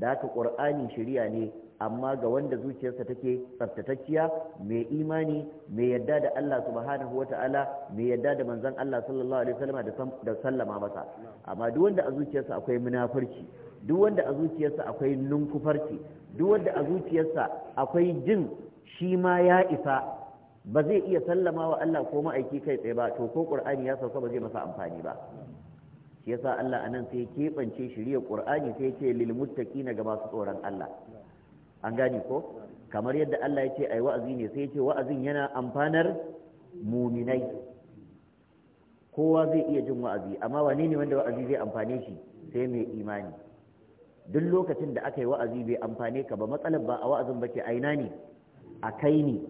da haka ƙur'ani shirya ne amma ga wanda zuciyarsa take tsaftatacciya mai imani mai yadda da Allah subhanahu wata'ala mai yadda da manzon Allah sallallahu alaihi wasallam da sallama masa amma duk wanda a zuciyarsa akwai munafurci duk wanda a zuciyarsa akwai nunkufarci duk wanda a zuciyarsa akwai jin shi ma ya isa ba zai iya sallama wa Allah ko ma'aiki kai tsaye ba to ko qur'ani ya sauka ba zai masa amfani ba shi yasa Allah anan sai ya keɓance shirya qur'ani sai ya ce lil muttaqina ga masu tsoron Allah an gane ko kamar yadda Allah ya ce ai wa'azi ne sai ya ce wa'azin yana amfanar muminai kowa zai iya jin wa'azi amma wane ne wanda wa'azi zai amfane shi sai mai imani duk lokacin da aka yi wa'azi bai amfane ka ba matsalar ba a wa'azin ba ke aina ne a kai ne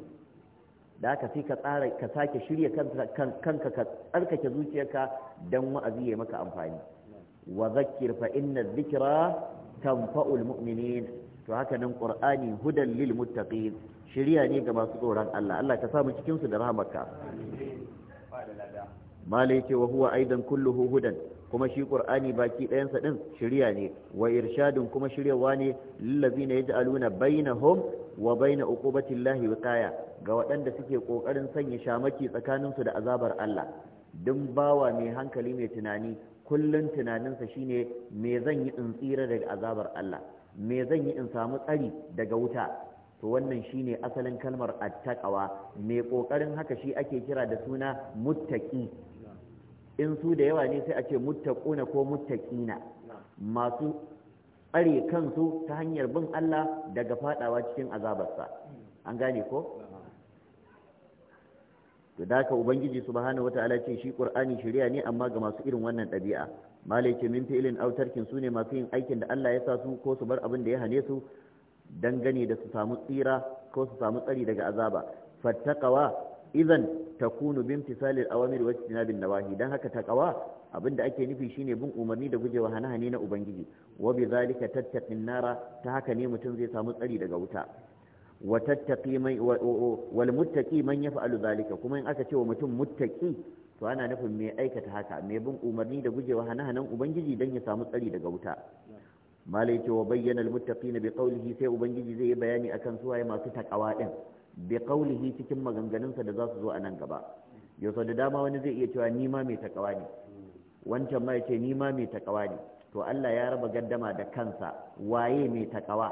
da haka sai ka tsara ka sake shirya kanka ka tsarkake zuciyarka dan wa'azi ya maka amfani wa zakkir fa inna dhikra tanfa'ul mu'minin to haka nan qur'ani hudan lil muttaqin shirya ne ga masu tsoron Allah Allah ka samu cikin su da rahmarka mala yace wa huwa aidan kulluhu hudan kuma shi qur'ani baki ɗayansa ɗin shirya ne wa irshadin kuma shiryawa ne Lillazi na aluna baina hom wa baina uqubatillahi wiqaya ga waɗanda suke ƙoƙarin sanya shamaki tsakaninsu da azabar Allah duk bawa mai hankali mai tunani kullum tunaninsa shine me zan yi in tsira daga azabar Allah me zan yi in samu tsari daga wuta to wannan shine asalin kalmar attaqawa mai ƙoƙarin haka shi ake kira da suna muttaqi in su da yawa ne sai a ce muttaquna ko muttaqina masu tsare kansu ta hanyar bin Allah daga fadawa cikin azabarsa an gane ko to da haka ubangiji subhanahu wataala ce shi qur'ani shari'a ne amma ga masu irin wannan ɗabi'a malaike min fi'ilin autarkin su ne masu yin aikin da Allah ya sa su ko su bar abin da ya hane su dangane da su samu tsira ko su samu tsari daga azaba fattakawa idan takunu bimtisalil awamir wa bin nawahi dan haka ta kawa abinda ake nufi shine bin umarni da gujewa hane-hane na ubangiji wa bi zalika tattaqin nara ta haka ne mutum zai samu tsari daga wuta wa tattaqi mai wal muttaqi man yaf'alu zalika kuma in aka ce wa mutum muttaqi to ana nufin mai aikata haka mai bin umarni da gujewa hane-hanen ubangiji don ya samu tsari daga wuta malai ce wa bayyana al muttaqina bi qawlihi sai ubangiji zai yi bayani akan suwaye masu takawa din bi qawlihi cikin maganganunsa da za su zo a nan gaba yau da dama wani zai iya cewa ni ma mai takawa ne wancan ma yace ni ma mai takawa ne to Allah ya raba gaddama da kansa waye mai takawa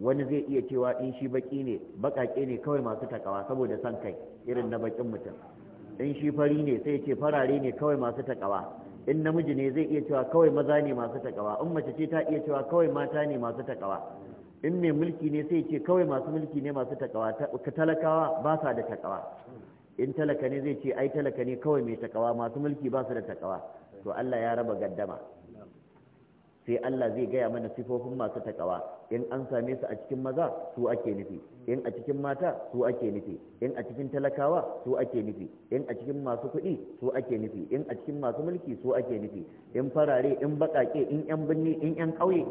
wani zai iya cewa in shi baki ne bakake ne kawai masu takawa saboda son kai irin na bakin mutum in shi fari ne sai ce farare ne kawai masu takawa in namiji ne zai iya cewa kawai maza ne masu takawa in mace ce ta iya cewa kawai mata ne masu takawa in mai mulki ne sai ce kawai masu mulki ne masu takawa talakawa ba sa da takawa in talaka ne zai ce ai talaka ne kawai mai takawa masu mulki ba su da takawa to Allah ya raba gaddama sai Allah zai gaya mana sifofin masu takawa in an same su a cikin maza su ake nufi in a cikin mata su ake nufi in a cikin talakawa su ake nufi in a cikin masu kuɗi su ake nufi in a cikin masu mulki su ake nufi in farare in baƙaƙe in yan birni in yan ƙauye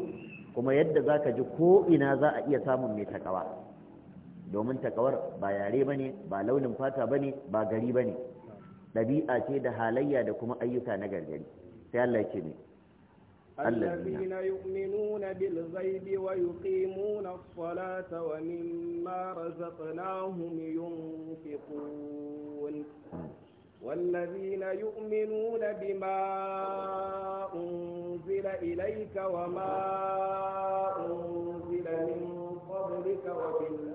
kuma yadda zaka ji ko ina za a iya samun mai takawa domin takawar ba yare bane ba launin fata bane ba gari bane ɗabi'a ce da halayya da kuma ayyuka na gargari sai Allah ya ce ne الذين يؤمنون بالغيب ويقيمون الصلاة ومما رزقناهم ينفقون والذين يؤمنون بما أنزل إليك وما أنزل من قبلك وبالله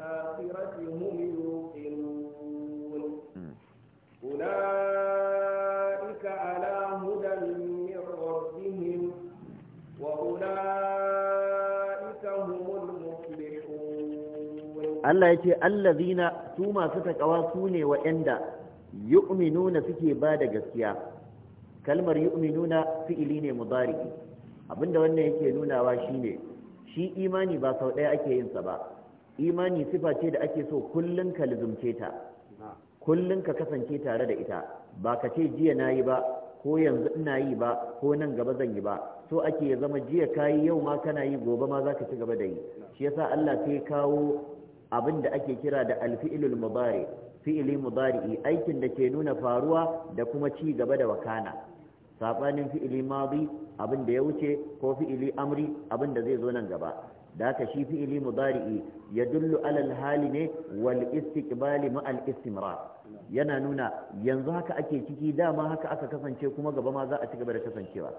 Allah ya ce allazina su masu takawa su ne waɗanda yu'minuna suke ba da gaskiya kalmar yu'minuna fi'ili ne mudari abinda wannan yake nunawa shine shi imani ba sau ɗaya ake yin sa ba imani sifa ce da ake so kullun ka lizumce ta kullun ka kasance tare da ita ba ka ce jiya nayi ba ko yanzu ina yi ba ko nan gaba zan yi ba so ake ya zama jiya kayi yau ma kana yi gobe ma zaka ci gaba da yi shi yasa Allah sai kawo abin da ake kira da alfi'ilul mubari' fi'ili mudari'i aikin da ke nuna faruwa da kuma ci gaba da wakana sabanin fi'ili madi abin da ya wuce ko fi'ili amri abin da zai zo nan gaba da aka shi fi'ili mudari'i ya dullu alal hali ne wal istiqbali ma al istimrar yana nuna yanzu haka ake ciki dama haka aka kasance kuma gaba ma za a ci gaba da kasancewa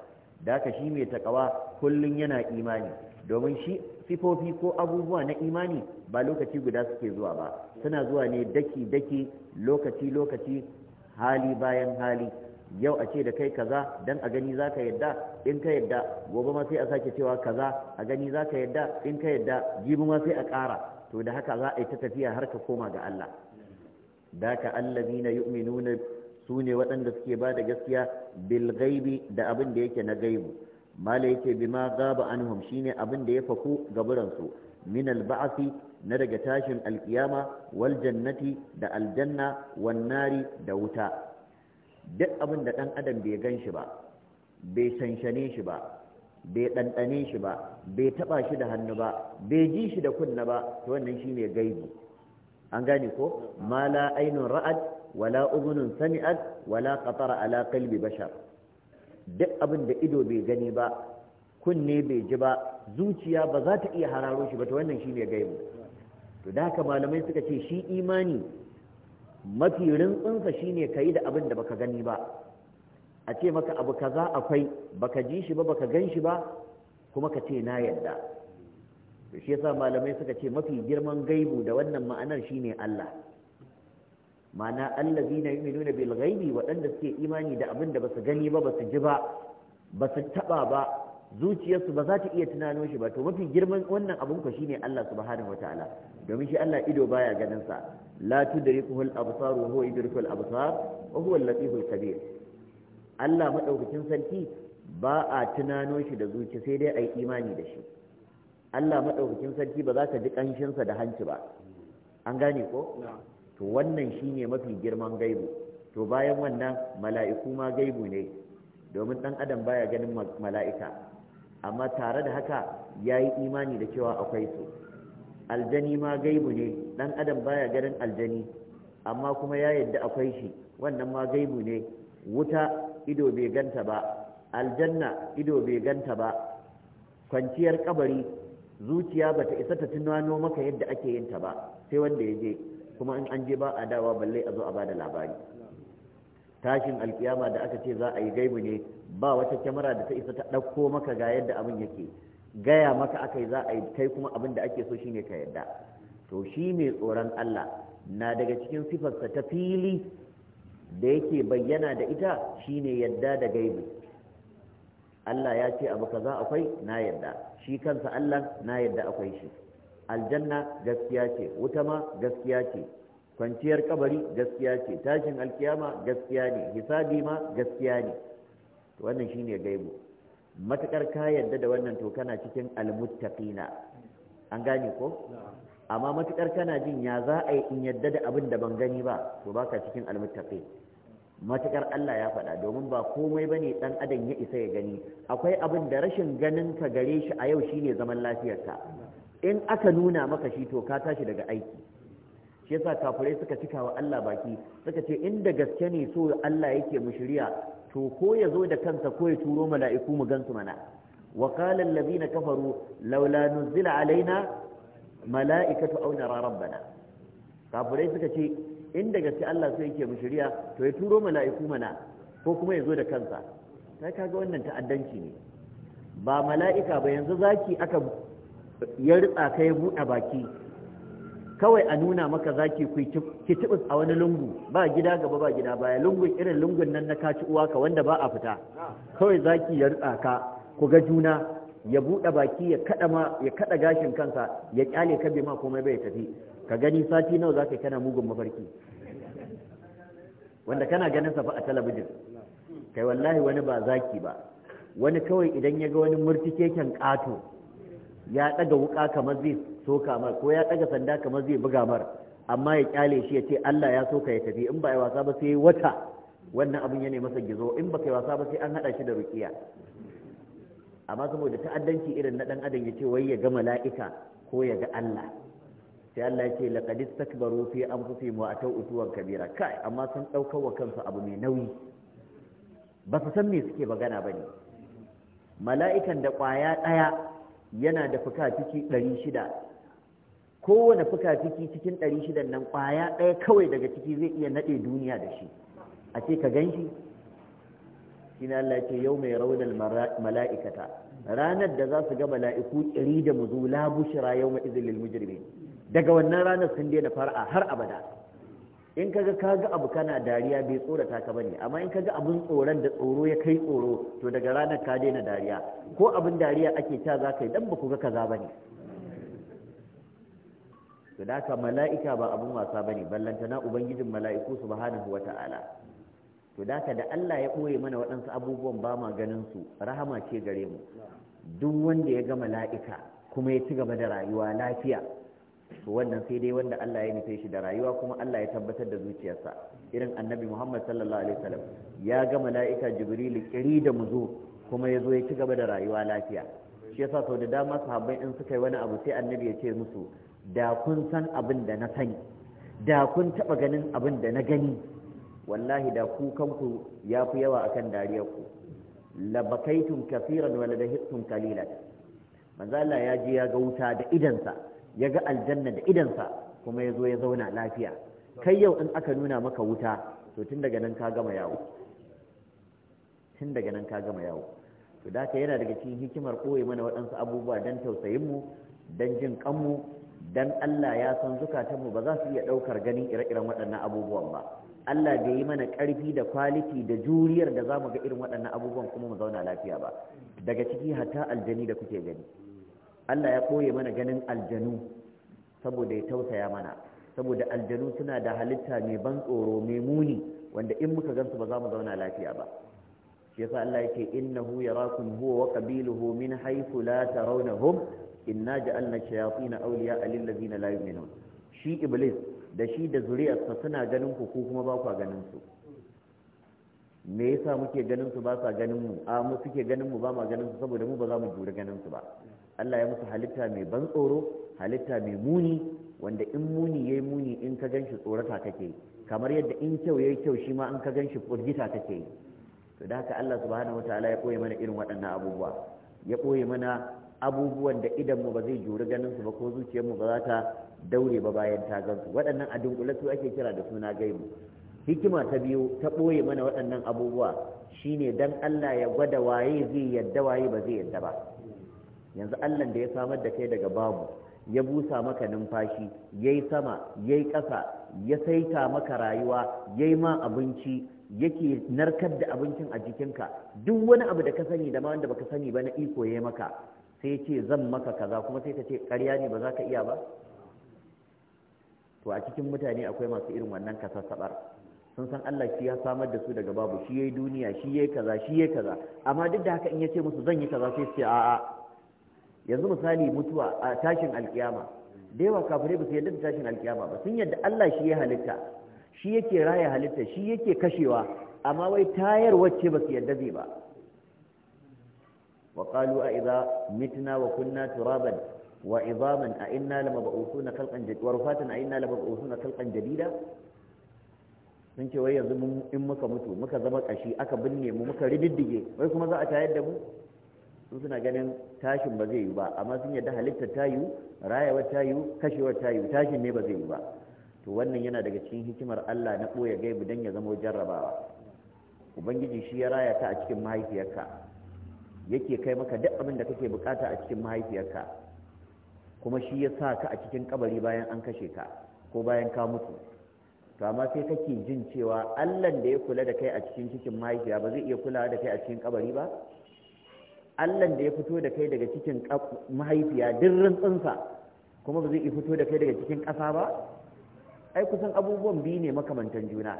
da aka shi mai takawa kullun yana imani domin shi sifofi ko abubuwa na imani ba lokaci guda suke zuwa ba suna zuwa ne daki-daki lokaci-lokaci hali bayan hali yau a ce da kai kaza dan a gani zaka yadda in ka yadda gobe ma sai a sake cewa kaza a gani zaka yadda in ka yadda jibi ma sai a ƙara to da haka za a yi ta tafiya har ka koma ga Allah da daka allazina su ne waɗanda suke ba da gaskiya bil ghaibi da abin da yake na gaibu mala yace bima gaba anhum shine abin da ya faku ga su min alba'si na daga tashin alkiyama wal jannati da aljanna wan nari da wuta duk abin da dan adam bai gan shi ba bai shanshane shi ba bai ɗanɗane shi ba bai taɓa shi da hannu ba bai ji shi da kunna ba to wannan shine gaibi an gane ko mala ainun ra'ad wala ugunun sami'at wala qatara ala qalbi bashar duk abin da ido bai gani ba kunne bai ji ba zuciya ba za ta iya hararo shi ba ta wannan shi ne gaibu to da haka malamai suka ce shi imani mafi rintsinsa shine ka yi da abin da baka gani ba a ce maka abu kaza akwai baka ji shi ba baka gan shi ba kuma ka ce na yadda to shi yasa malamai suka ce mafi girman gaibu da wannan ma'anar shi ne Allah ma'ana allazina mai nuna ghaibi waɗanda suke imani da abin da basu gani ba basu ji ba basu taba ba zuciyarsu ba za ta iya tunano shi ba to mafi girman wannan abin ku shine Allah subhanahu wataala domin shi Allah ido baya ganin sa la tudrikuhu al absar wa huwa yudrikul absar wa huwa al kabir Allah madaukakin sarki ba a tunano shi da zuci sai dai ai imani da shi Allah madaukakin sarki ba za ka ji kanshin sa da hanci ba an gane ko to wannan shine mafi girman gaibu to bayan wannan mala'iku ma gaibu ne domin dan adam baya ganin mala'ika amma tare da haka yayi imani da cewa akwai su aljani ma gaibu ne dan adam baya ganin aljani amma kuma ya yadda akwai shi wannan ma gaibu ne wuta ido bai ganta ba aljanna ido bai ganta ba kwanciyar kabari zuciya bata isa ta tunano maka yadda ake yin ta ba sai wanda ya je kuma in an je ba a dawa balle a zo a bada labari tashin alkiyama da aka ce za a yi gaibu ne ba wata kyamara da ta isa ta ɗauko maka ga yadda abin yake gaya maka aka yi za a yi kai kuma abin da ake so shi ne ka yadda to shi mai tsoron Allah na daga cikin sifarsa ta fili da yake bayyana da ita shi ne yadda da gaibi Allah ya ce abu kaza akwai na yadda shi kansa Allah na yadda akwai shi aljanna gaskiya ce wuta ma gaskiya ce kwanciyar kabari gaskiya ce tashin alkiyama gaskiya ne hisabi ma gaskiya ne wannan shine gaibu matakar ka yadda da wannan to kana cikin almuttaqina an gane ko amma matukar kana jin ya za a yi in yadda da abin da ban gani ba to baka cikin almuttaqin matukar Allah ya faɗa domin ba komai bane dan adam ya isa ya gani akwai abin da rashin ganin ka gare shi a yau shine zaman lafiyarka in aka nuna maka shi to ka tashi daga aiki shi yasa kafirai suka cika wa Allah baki suka ce inda gaske ne so Allah yake mu shirya to ko ya zo da kansa ko ya turo mala'iku mu gansu mana wa qala allazina kafaru laula nuzila alaina mala'ikatu aw nara rabbana kafirai suka ce inda gaske Allah so yake mu shirya to ya turo mala'iku mana ko kuma ya zo da kansa kai kaga wannan ta'addanci ne ba mala'ika ba yanzu zaki aka ya ritsa ka ya buɗe baki kawai a nuna maka zaki ki kitibus a wani lungu ba gida gaba ba gida baya lungun irin lungun nan na kaci uwa ka wanda ba a fita kawai zaki ya ritsa ka ku ga juna ya buɗe baki ya kada ma ya kada gashin kansa ya kyale ka bai ma komai bai tafi ka gani sati nawa zaka kana mugun mafarki wanda kana ganin sa fa a talabijin kai wallahi wani ba zaki ba wani kawai idan ya ga wani murtikeken kato. ya ɗaga wuƙa kamar zai soka mar ko ya ɗaga sanda kamar zai buga mar amma ya ƙyale shi ya ce Allah ya soka ya tafi in ba ya wasa ba sai wata wannan abin ya ne masa gizo in ba kai wasa ba sai an haɗa shi da rukiya amma saboda ta'addanci irin na ɗan adam ya ce wai ya ga mala'ika ko ya ga Allah sai Allah ya ce laqad istakbaru fi anfusihim wa ataw utuwan kabira kai amma sun ɗaukar wa kansu abu mai nauyi ba su san me suke magana ba ne. mala'ikan da ƙwaya ɗaya yana da fuka-fiki ɗari shida kowane fuka-fiki cikin ɗari shida nan kwaya ɗaya kawai daga ciki zai iya naɗe duniya da shi a ce ka gan shi shine Allah ce yau mai raunar mala'ikata ranar da za su ga mala'iku ƙiri da muzu labu bushira yau ma izinin mujirmi daga wannan ranar sun daina fara har abada in kaga ka ga abu kana dariya bai tsorata ka bane amma in kaga abun tsoron da tsoro ya kai tsoro to daga ranar ka daina dariya ko abin dariya ake ta za ka yi dan baku ga kaza bane to da ka mala'ika ba abun wasa bane na ubangijin mala'iku subhanahu wata'ala to da ka da Allah ya koye mana waɗansu abubuwan ba ma ganin su rahama ce gare mu duk wanda ya ga mala'ika kuma ya ci gaba da rayuwa lafiya wannan sai dai wanda Allah ya nufe shi da rayuwa kuma Allah ya tabbatar da zuciyarsa irin annabi Muhammad sallallahu alaihi wasallam ya ga mala'ika Jibril kiri da muzo kuma ya zo ya ci gaba da rayuwa lafiya shi yasa to da dama sahabbai in suka yi wani abu sai annabi ya ce musu da kun san abin da na sani da kun taba ganin abin da na gani wallahi da ku kanku ya fi yawa akan ku. labakaitum kaseeran wa ladahittum qalilan manzo Allah ya ji ya ga wuta da idansa ya ga aljanna da idansa kuma ya zo ya zauna lafiya kai yau in aka nuna maka wuta to tun daga nan ka gama yawo tun daga nan ka gama yawo to da yana daga cikin hikimar koyi mana waɗansu abubuwa don tausayinmu don jin kanmu don Allah ya san zukatanmu ba za su iya ɗaukar ganin ire-iren waɗannan abubuwan ba Allah bai yi mana ƙarfi da kwaliti da juriyar da za mu ga irin waɗannan abubuwan kuma mu zauna lafiya ba daga ciki hatta aljani da kuke gani Allah ya koye mana ganin aljanu saboda ya tausaya mana saboda aljanu suna da halitta mai ban tsoro mai muni wanda in muka gansu ba za mu zauna lafiya ba shi yasa Allah yake innahu yarakum huwa wa qabiluhu min haythu la tarawnahum inna ja'alna shayatin awliya'a lil ladina la yu'minun shi iblis da shi da zuriyarsa suna ganin ku ko kuma ba ku ganin su me yasa muke ganin su ba sa ganin mu a mu suke ganin mu ba ma ganin su saboda mu ba za mu jure ganin su ba Allah ya musu halitta mai ban tsoro halitta mai muni wanda in muni yayi muni in ka ganshi tsorata kake kamar yadda in kyau yayi kyau shi ma in ka ganshi furgita kake to da haka Allah subhanahu wataala ya koye mana irin waɗannan abubuwa ya koye mana abubuwan da idan mu ba zai jure ganin su ba ko zuciyar mu ba za ta daure ba bayan ta gansu waɗannan a dunkule ake kira da suna gaibu hikima ta biyu ta ɓoye mana waɗannan abubuwa shine dan Allah ya gwada waye zai yadda waye ba zai yadda ba yanzu Allah da ya samar da kai daga babu ya busa maka numfashi yayi sama yayi ƙasa ya saita maka rayuwa yayi ma abinci yake narkar da abincin a jikinka duk wani abu da ka sani da ma wanda baka sani ba na iko yayi maka sai ce zan maka kaza kuma sai ka ce ƙarya ne ba za ka iya ba to a cikin mutane akwai masu irin wannan kasassabar sun san Allah shi ya samar da su daga babu shi yayi duniya shi yayi kaza shi yayi kaza amma duk da haka in ce musu zan yi kaza sai su ce a'a yanzu misali mutuwa a tashin alkiyama da yawa kafirai ba su yadda da tashin alkiyama ba sun yadda Allah shi ya halitta shi yake raya halitta shi yake kashewa amma wai tayar wacce ba su yadda zai ba wa qalu a idza mitna wa kunna turaban wa idaman a inna lamab'usuna khalqan jadida wa rufatan a inna lamab'usuna khalqan jadida sun ce wai yanzu in muka mutu muka zama kashi aka binne mu muka rididdige wai kuma za a tayar da mu sun suna ganin tashin ba zai yi ba amma sun yadda halittar ta rayawar ta yiwu kashewar ta tashin ne ba zai yi ba to wannan yana daga cikin hikimar Allah na ɓoye gaibu don ya zama jarrabawa ubangiji shi ya raya ta a cikin mahaifiyarka yake kai maka duk abin da kake bukata a cikin mahaifiyarka kuma shi ya sa ka a cikin kabari bayan an kashe ka ko bayan ka mutu to amma sai kake jin cewa allan da ya kula da kai a cikin cikin mahaifiya ba zai iya kula da kai a cikin kabari ba allan da ya fito da kai daga cikin mahaifiya dirrin tsinsa kuma ba zai iya fito da kai daga cikin ƙasa ba ai kusan abubuwan biyu ne makamantan juna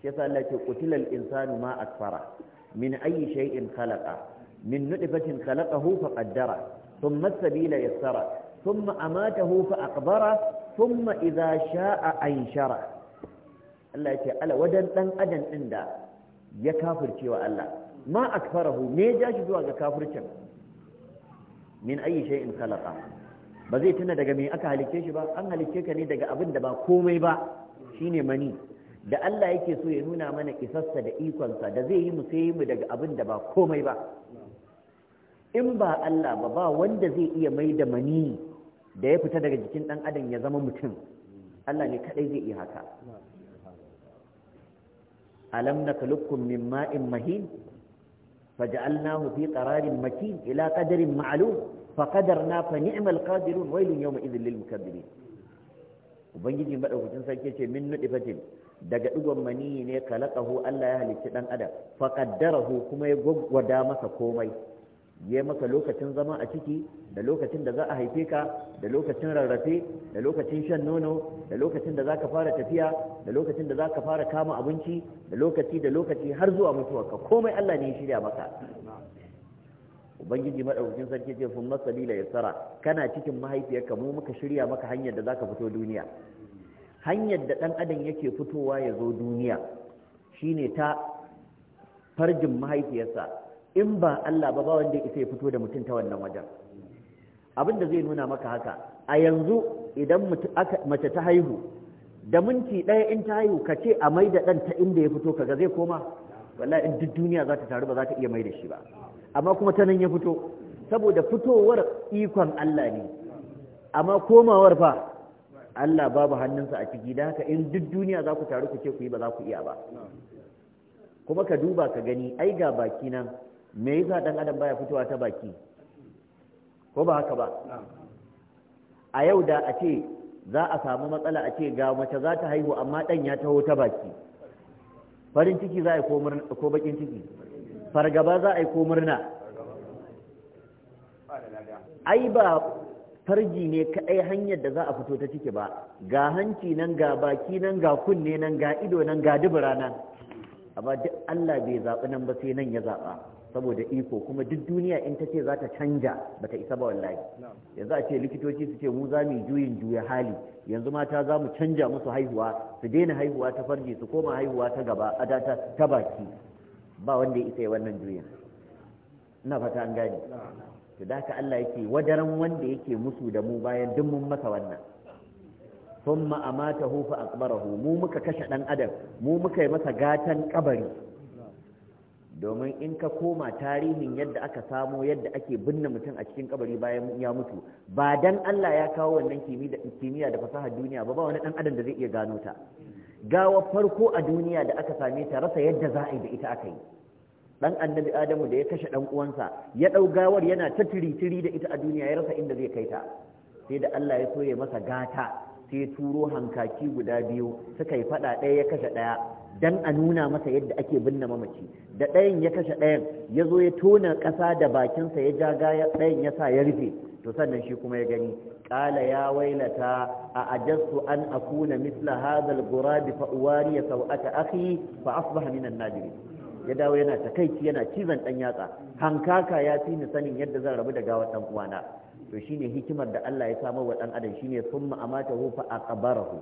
shi yasa Allah ke qutilal insanu ma akfara min ayi shay'in khalaqa min nutfatin khalaqahu fa qaddara thumma sabila yassara thumma amatahu fa aqbara thumma idha sha'a anshara Allah ya ce ala wajen dan adam din da ya kafirce wa Allah ma akfarahu me ya shi zuwa ga kafircin min ayi in khalaqa ba zai tuna daga me aka halicce shi ba an halicce ka ne daga abin da ba komai ba shine mani da Allah yake so ya nuna mana isassa da ikonsa da zai yi mu sai mu daga abin da ba komai ba in ba Allah ba ba wanda zai iya mai da mani da ya fita daga jikin ɗan adam ya zama mutum Allah ne kadai zai iya haka alam nakhluqukum min ma'in mahin faj'alnahu fi qararin makin ila qadarin ma'lum faqadarna fa ni'mal qadirun waylun yawma idhil lil mukazzibi ubangiji madaukakin sarki ce min nudifatin daga digon mani ne kalakahu Allah ya halicci dan adam faqaddarahu kuma ya gwaggwada masa komai ya maka lokacin zama a ciki da lokacin da za a haife ka da lokacin rarrafe da lokacin shan nono da lokacin da za ka fara tafiya da lokacin da za ka fara kama abinci da lokaci da lokaci har zuwa mutuwarka komai Allah ne ya shirya maka ubangiji madaukakin sarki ce fun masalila ya tsara kana cikin mahaifiyarka mu muka shirya maka hanyar da za ka fito duniya hanyar da ɗan adam yake fitowa ya zo duniya shine ta farjin mahaifiyarsa in ba Allah ba ba wanda isa ya fito da mutum ta wannan wajen abin da zai nuna maka haka a yanzu idan mace ta haihu da minti ɗaya in ta haihu ka ce a mai da ɗan ta inda ya fito kaga zai koma wallahi in duk duniya za ta taru ba za ta iya mai da shi ba amma kuma ta nan ya fito saboda fitowar ikon Allah ne amma komawar fa Allah babu hannunsa a ciki da haka in duk duniya za ku taru ku ce ku yi ba za ku iya ba kuma ka duba ka gani ai ga baki nan me yasa dan adam baya fitowa ta baki ko ba haka ba a yau da a ce za a samu matsala a ce ga mace za ta haihu amma dan ya taho ta baki farin ciki za a yi ko bakin ciki fargaba za a yi ko murna ai ba farji ne kaɗai hanyar da za a fito ta ciki ba ga hanci nan ga baki nan ga kunne nan ga ido nan ga dubura nan amma duk Allah bai zaɓi nan ba sai nan ya zaɓa saboda iko kuma duk duniya in ta ce za ta canja ba ta isa ba wallahi yanzu a ce likitoci su ce mu za mu juyin juya hali yanzu mata za mu canja musu haihuwa su daina haihuwa ta farji su koma haihuwa ta gaba a data ta baki ba wanda ya isa yi wannan juyin ina fata an gani. to da haka Allah yake wadaran wanda yake musu da mu bayan duk mun masa wannan thumma amatahu fa aqbarahu mu muka kashe dan adam mu muka yi masa gatan kabari domin in ka koma tarihin yadda aka samo yadda ake binne mutum a cikin kabari bayan ya mutu ba dan Allah ya kawo wannan kimiyya da fasahar duniya ba ba wani dan adam da zai iya gano ta gawa farko a duniya da aka same ta rasa yadda za a yi da ita aka yi dan annabi adamu da ya kashe dan uwansa ya dau gawar yana ta tiritiri da ita a duniya ya rasa inda zai kai ta sai da Allah ya soye masa gata sai turo hankaki guda biyu suka yi fada ɗaya ya kashe ɗaya dan a nuna masa yadda ake binne mamaci da ɗayan ya kashe ɗayan ya zo ya tona ƙasa da bakinsa ya ja gaya ɗayan ya sa ya rufe to sannan shi kuma ya gani ƙala ya wailata a ajastu an akuna misla hadal gurabi fa uwariya sau'ata akhi fa asbaha minan nadirin ya dawo yana takaici yana cizon ɗan yatsa hankaka ya fi ni sanin yadda zan rabu da gawar ɗan uwana to shine hikimar da Allah ya samar wa ɗan adam shine summa amatahu fa aqbarahu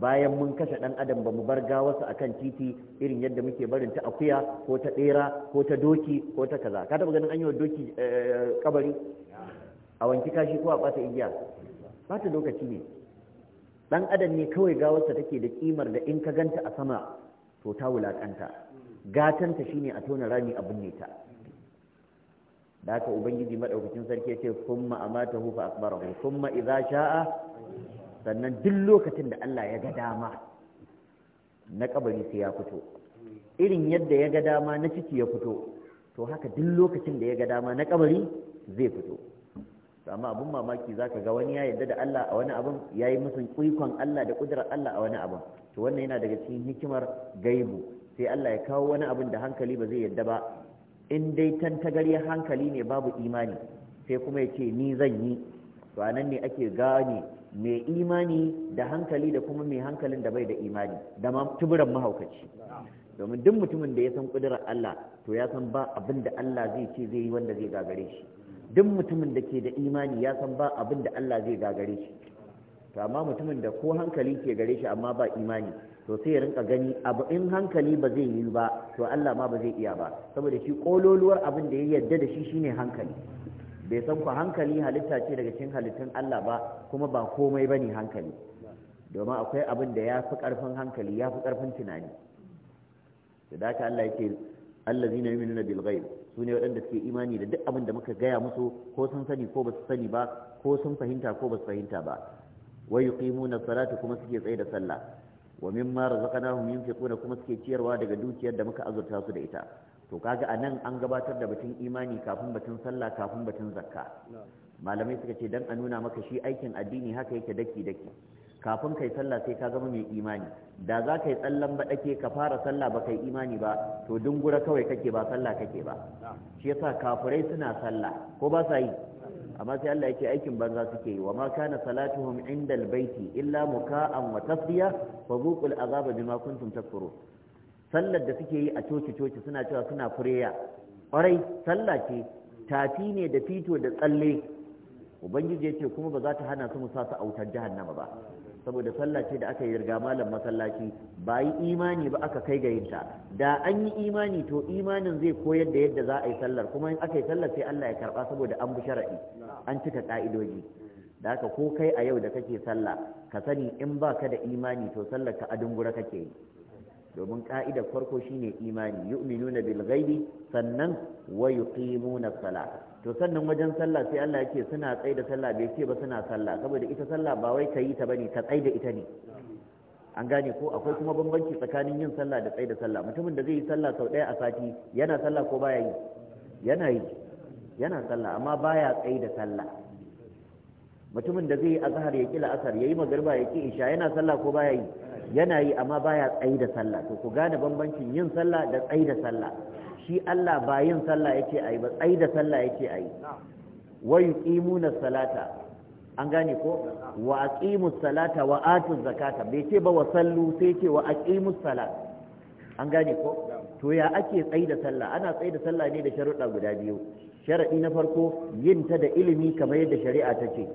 bayan mun kashe ɗan adam ba mu bar gawarsa a kan titi irin yadda muke barin ta akuya ko ta ɗera ko ta doki ko ta kaza ka taɓa ganin an doki eh, kabari a wanki kashi ko a ɓata igiya ta lokaci ne ɗan adam ne kawai gawarsa take da kimar da in ka ganta a sama to ta wulaƙanta gatanta shine a tona rami a binne ta da haka ubangiji maɗaukacin sarki ya ce kuma amatahu fa akbarahu kuma idza sha'a sannan duk lokacin da Allah ya ga dama na kabari sai ya fito irin yadda ya ga dama na ciki ya fito to haka duk lokacin da ya ga dama na kabari zai fito amma abun mamaki zaka ga wani ya yadda da Allah a wani abun yayi musu kuikon Allah da kudurar Allah a wani abun to wannan yana daga cikin hikimar gaibu sai Allah ya kawo wani abun da hankali ba zai yadda ba in dai ya hankali ne babu imani sai kuma ya ce ni zan yi to anan ne ake gane mai imani da hankali da kuma mai hankalin da bai da imani da ma tuburan mahaukaci domin duk mutumin da ya san kudurar Allah to ya san ba abin da Allah zai ce zai yi wanda zai gagare shi duk mutumin da ke da imani ya san ba abin da Allah zai gagare shi to amma mutumin da ko hankali ke gare shi amma ba imani to sai ya rinka gani abu in hankali ba zai yi ba to Allah ma ba zai iya ba saboda shi kololuwar abin da ya yarda da shi shine hankali bai san ku hankali halitta ce daga cikin halittun Allah ba kuma ba komai bane hankali domin akwai abin da ya fi ƙarfin hankali ya fi ƙarfin tunani da haka Allah yake allazina yu'minuna bil ghaib su ne waɗanda suke imani da duk abin da muka gaya musu ko sun sani ko ba su sani ba ko sun fahimta ko ba su fahimta ba wa na salata kuma suke tsaye da sallah wa mimma razaqnahum yunfiquna kuma suke ciyarwa daga dukiyar da muka azurta su da ita to kaga anan an gabatar da batun imani kafin batun sallah kafin batun zakka malamai suka ce dan a nuna maka shi aikin addini haka yake daki daki kafin kai sallah sai ka zama mai imani da za ka yi tsallan baɗake ka fara sallah ba kai imani ba to dungura kawai kake ba sallah kake ba shi yasa kafirai suna sallah ko ba sa yi amma sai Allah yake aikin banza suke yi wa ma kana salatuhum indal baiti illa muka'an wa tasbiya fa zuqul azaba bima kuntum takfurun sallar da suke yi a coci coci suna cewa suna fureya ƙwarai sallah ce tafi ne da fito da tsalle ubangiji ya ce kuma ba za ta hana su musa su autar nama ba saboda sallah ce da aka yi riga malam masallaci ba yi imani ba aka kai ga yinta da an yi imani to imanin zai koyar da yadda za a yi sallar kuma in aka yi sallar sai Allah ya karba saboda an bi shar'i an cika ka'idoji da haka ko kai a yau da kake sallah ka sani in ba ka da imani to sallar ka a kake yi domin ka'idar farko shine imani yu'minuna bil ghaibi sannan wa yuqimuna salat to sannan wajen sallah sai Allah yake suna tsaida sallah bai ce ba suna sallah saboda ita sallah ba wai yi ta bane ka tsaida ita ne an gane ko akwai kuma bambanci tsakanin yin sallah da tsaida sallah mutumin da zai yi sallah sau ɗaya a sati yana sallah ko baya yi yana yi yana sallah amma baya tsaida sallah mutumin da zai yi azhar ya kila asar yayi magriba ya ki isha yana sallah ko baya yi yana yi amma baya tsayi da sallah to ku gane bambancin yin sallah da tsayi da sallah shi Allah ba yin sallah yake ayi ba tsayi da sallah yake ayi wa yuqimuna salata an gane ko wa aqimus salata wa atuz zakata bai ce ba wa sallu sai ce wa aqimus salat an gane ko to ya ake tsayi da sallah ana tsayi da sallah ne da sharuɗa guda biyu sharadi na farko yin ta da ilimi kamar yadda shari'a ta ce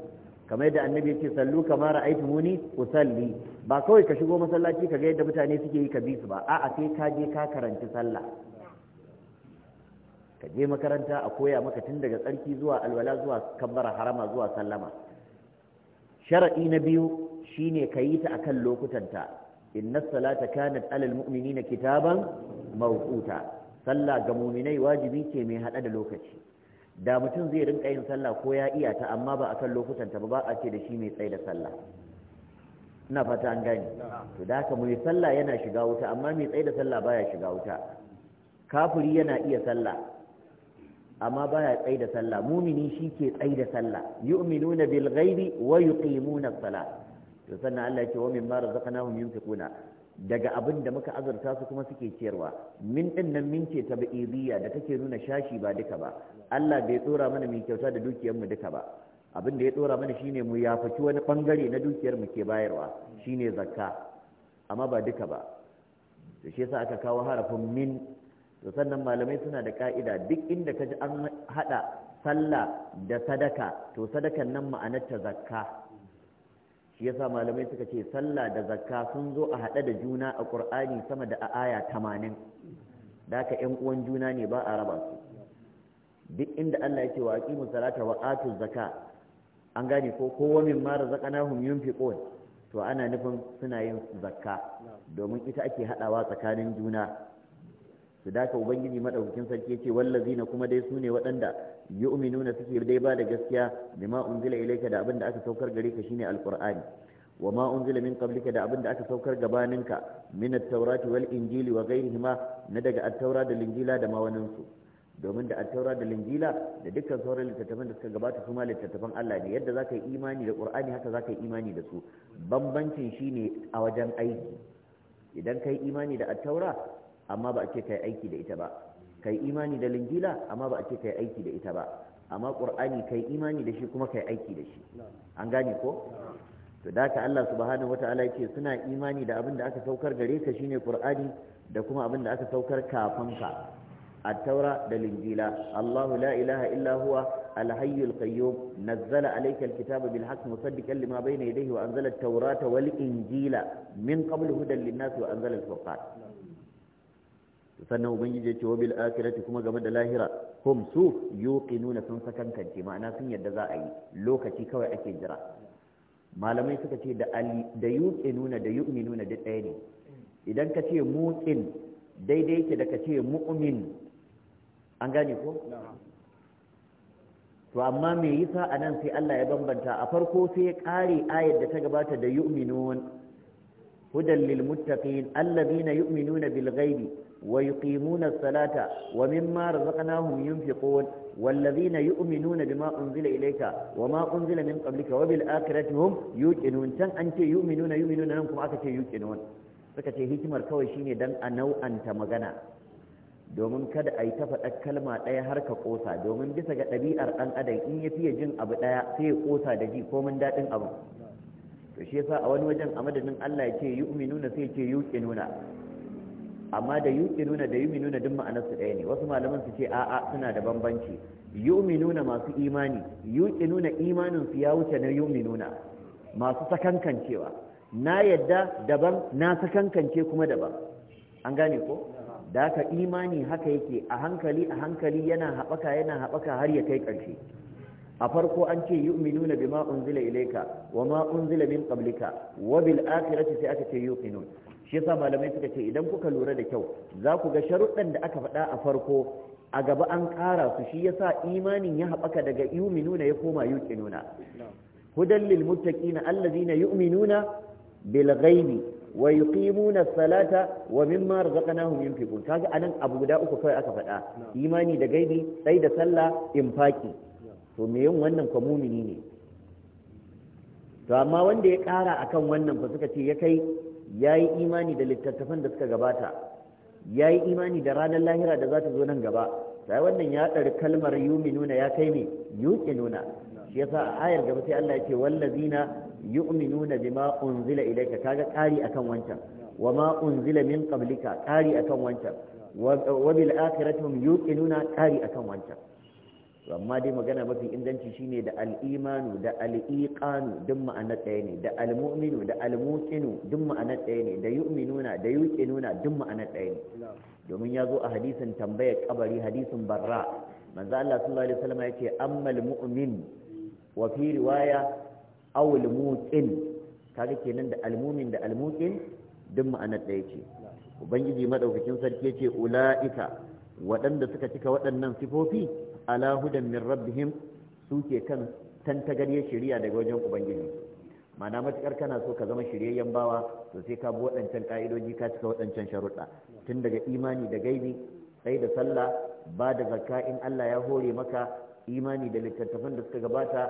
kamar yadda annabi yake sallu kama muni, usalli ba kawai ka shigo masallaci ka ga yadda mutane suke yi ka bi su ba a'a sai ka je ka karanci sallah ka je makaranta a koya maka tun daga tsarki zuwa alwala zuwa kabbara harama zuwa sallama shara'i na biyu shine kayi ta akan lokutanta inna salata kanat alal mu'minina kitaban mawquta sallah ga mu'minai wajibi ce mai hada da lokaci da mutum zai rinka yin sallah ko ya iya ta amma ba a kan lokutan ta ba a ce da shi mai tsaye da sallah ina fata an gane to da haka mai sallah yana shiga wuta amma mai tsaye da sallah baya shiga wuta kafiri yana iya sallah amma baya tsaye da sallah mumini shi ke tsaye da sallah yu'minuna bil ghaibi wa yuqimuna as-salah to sannan Allah ya ce wa mimma razaqnahum yunfiquna daga abin da muka azurta su kuma suke ciyarwa min din nan min ce ta bi'idiyya da take nuna shashi ba duka ba Allah bai tsora mana mai kyauta da dukiyar mu duka ba abin da ya tsora mana shine mu ya faki wani bangare na dukiyar mu ke bayarwa shine zakka amma ba duka ba to shi yasa aka kawo harafin min to sannan malamai suna da ka'ida duk inda kaji an hada sallah da sadaka to sadakan nan ma'anar ta zakka shi yasa malamai suka ce sallah da zakka sun zo a haɗe da juna a ƙur'ani sama da a aya tamanin da haka yan uwan juna ne ba a raba su duk inda Allah ya ce wa aqimu salata wa atu zakka an gane ko kowa min ma razaqnahum yunfiqun to ana nufin suna yin zakka domin ita ake haɗawa tsakanin juna su daka ubangiji madaukakin sarki yace na kuma dai su ne waɗanda yu'minuna suke dai ba da gaskiya bima unzila ilayka da abin da aka saukar gare ka shine alqur'ani wa ma unzila min qablika da abin da aka saukar gabaninka min at-taurati wal injili wa ghayrihima na daga at-taura da linjila da ma domin da attaura da linjila da dukkan sauran littattafan da suka gabata su ma littattafan Allah ne yadda zaka yi imani da Qur'ani haka zaka yi imani da su bambancin shine a wajen aiki idan kai imani da attaura amma ba a ce kai aiki da ita ba kai imani da lingila? amma ba a ce kai aiki da ita ba amma qur'ani kai imani da shi kuma kai aiki da shi an gane ko to da ka Allah subhanahu wataala yake suna imani da abin da aka saukar gare ka shine qur'ani da kuma abin da aka saukar kafin ka at-taura da lingila Allahu la ilaha illa huwa الحي القيوم نزل عليك الكتاب بالحق مصدقا لما بين يديه وأنزل التوراة والإنجيل من قبل هدى للناس وأنزل الفرقان sannan ubangiji ya ce wa bil kuma game da lahira hum su nuna sun sakankance ma'ana sun yadda za a yi lokaci kawai ake jira malamai suka ce da ali da da ɗaya ne idan ka ce muqin daidai yake da ka ce mu'min an gane ko to amma me yasa anan sai Allah ya bambanta a farko sai ya kare ayar da ta gabata da yu'minun hudan lil muttaqin alladhina yu'minuna bil ghaibi ويقيمون الصلاة ومما رزقناهم ينفقون والذين يؤمنون بما أنزل إليك وما أنزل من قبلك وبالآخرة هم يوقنون تن أنت يؤمنون يؤمنون أنكم أكت يوقنون فكت هكمر كوي دن أنو أنت مغنى domin kada a yi ta faɗa kalma ɗaya har ka ƙosa domin bisa ga ɗabi'ar ɗan adam in ya fiye jin abu ɗaya sai ya ƙosa da ji komin daɗin abu to shi yasa a wani wajen a madadin Allah ya ce na sai ya ce yuqinuna amma da yuqinuna da yuminuna duk ma'anar su ɗaya ne wasu malaman su ce a'a suna da bambanci yuminuna masu imani yuqinuna imanin su ya wuce na yuminuna masu sakankancewa na yadda daban na sakankance kuma daban an gane ko da ka imani haka yake a hankali a hankali yana haɓaka yana haɓaka har ya kai ƙarshe a farko an ce yu'minuna bima unzila ilayka wa ma unzila min qablika wa bil akhirati sai aka ce yuqinun shi yasa malamai suka ce idan kuka lura da kyau za ku ga sharuɗan da aka faɗa a farko a gaba an ƙara su shi yasa imanin ya haɓaka daga yuminuna ya koma yuqinuna hudan lil muttaqina allazina yu'minuna bil ghaibi wa yuqimuna salata wa mimma razaqnahum yunfiqun kaga anan abu guda uku kawai aka faɗa imani da gaibi sai da sallah infaki to me yin wannan kwa mumini ne to amma wanda ya ƙara akan wannan ba suka ce ya kai ya yi imani da littattafan da suka gabata ya yi imani da ranar lahira da za ta zo nan gaba sai wannan ya ɗari kalmar yumi nuna ya kai ne nuna shi ya sa a ayar gaba sai Allah ya ce wallazina yu'minuna bima unzila ka kaga ƙari akan wancan wa ma unzila min qablika ƙari akan wancan wa bil akhirati yuki nuna ƙari akan wancan amma dai magana mafi inganci shine da al'imanu da al'iqanu duk ma'ana ɗaya ne da almu'minu da almuqinu duk ma'ana ɗaya ne da yu'minuna da yuqinuna duk ma'ana ɗaya ne domin ya zo a hadisin tambayar kabari hadisin barra manzo Allah sallallahu alaihi wasallam yace ammal mu'min wa fi riwaya aw almuqin kaga kenan da almu'min da almuqin duk ma'ana ɗaya ce ubangiji madaukakin sarki yace ula'ika waɗanda suka cika waɗannan sifofi ala hudan min rabbihim suke kan tantagariyar shari'a daga wajen ubangiji mana matukar kana so ka zama shiryayyen bawa to sai ka bi waɗancan ka'idoji ka cika waɗancan sharuɗa tun daga imani da gaibi sai da sallah ba da zakka in Allah ya hore maka imani da littattafan da suka gabata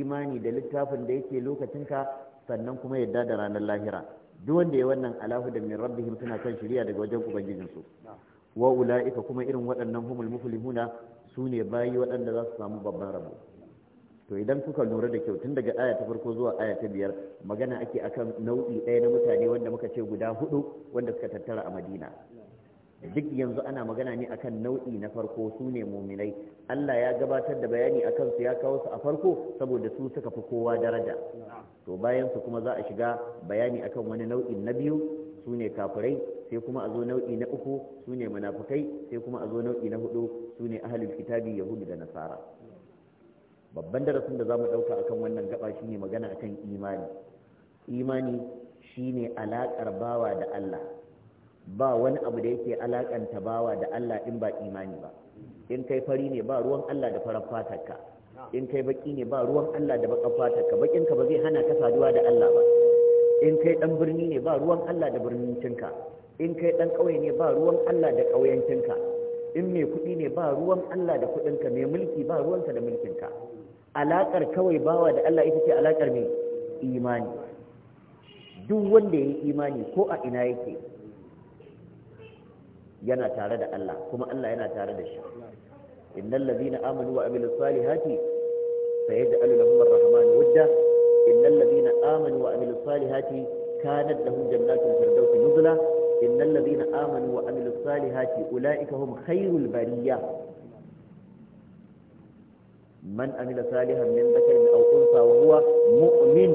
imani da littafin da yake lokacinka sannan kuma yadda da ranar lahira duk wanda ya wannan alahu da min rabbihim suna kan shirya daga wajen ubangijinsu wa ula'ika kuma irin waɗannan humul muflihuna su ne bayi waɗanda za su samu babban rabo to idan kuka lura da kyau tun daga aya ta farko zuwa aya ta biyar magana ake akan nau'i ɗaya na mutane wanda muka ce guda hudu wanda suka tattara a madina duk yanzu ana magana ne akan nau'i na farko su ne muminai Allah ya gabatar da bayani akan su ya kawo su a farko saboda su suka fi kowa daraja to bayan su kuma za a shiga bayani akan wani nau'in na biyu su ne kafirai sai kuma a zo nau'i na uku su ne munafukai sai kuma a zo nau'i na hudu su ne ahalin kitabi yahudu da nasara babban darasin da za mu ɗauka akan wannan gaba shine magana akan imani imani shine alaƙar bawa da Allah ba wani abu da yake alaƙanta bawa da Allah in ba imani ba in kai fari ne ba ruwan Allah da farar fatarka in kai baki ne ba ruwan Allah da baƙar fatarka bakinka ba zai hana ka saduwa da Allah ba in kai dan birni ne ba ruwan Allah da birnincinka in kai dan ƙauye ne ba ruwan Allah da ƙauyencinka in mai kuɗi ne ba ruwan Allah da kuɗinka mai mulki ba ruwansa da mulkinka alaƙar kawai bawa da Allah ita ce alaƙar mai imani duk wanda ya yi imani ko a ina yake yana tare da Allah kuma Allah yana tare da shi innal ladina amanu wa amilus salihati sayaj'alu lahum ar-rahmanu wadda innal ladina amanu wa amilus salihati kanat lahum jannatul firdaus nuzula innal ladina amanu wa amilus salihati ulaika hum khairul bariyah من عمل صالحا من ذكر أو أنثى وهو مؤمن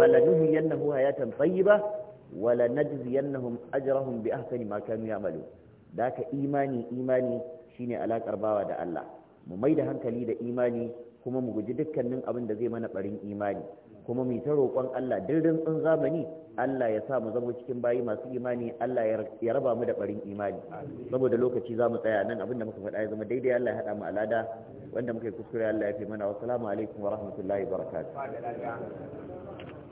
فلنهينه حياة طيبة ولنجزينهم أجرهم بأحسن ما كانوا يعملون ذاك إيماني إيماني شيني على قرباوة دا الله مميدة هنكلي دا إيماني kuma mu guji dukkanin abin da zai mana barin imani kuma mu ta roƙon Allah dirdin tsin zamani Allah ya sa mu zama cikin bayi masu imani Allah ya raba mu da barin imani saboda lokaci za mu tsaya nan abin da muka faɗa ya zama daidai Allah ya haɗa mu alada wanda muka yi kuskure Allah ya fi mana wasu alaikum wa rahmatullahi wa barakatuh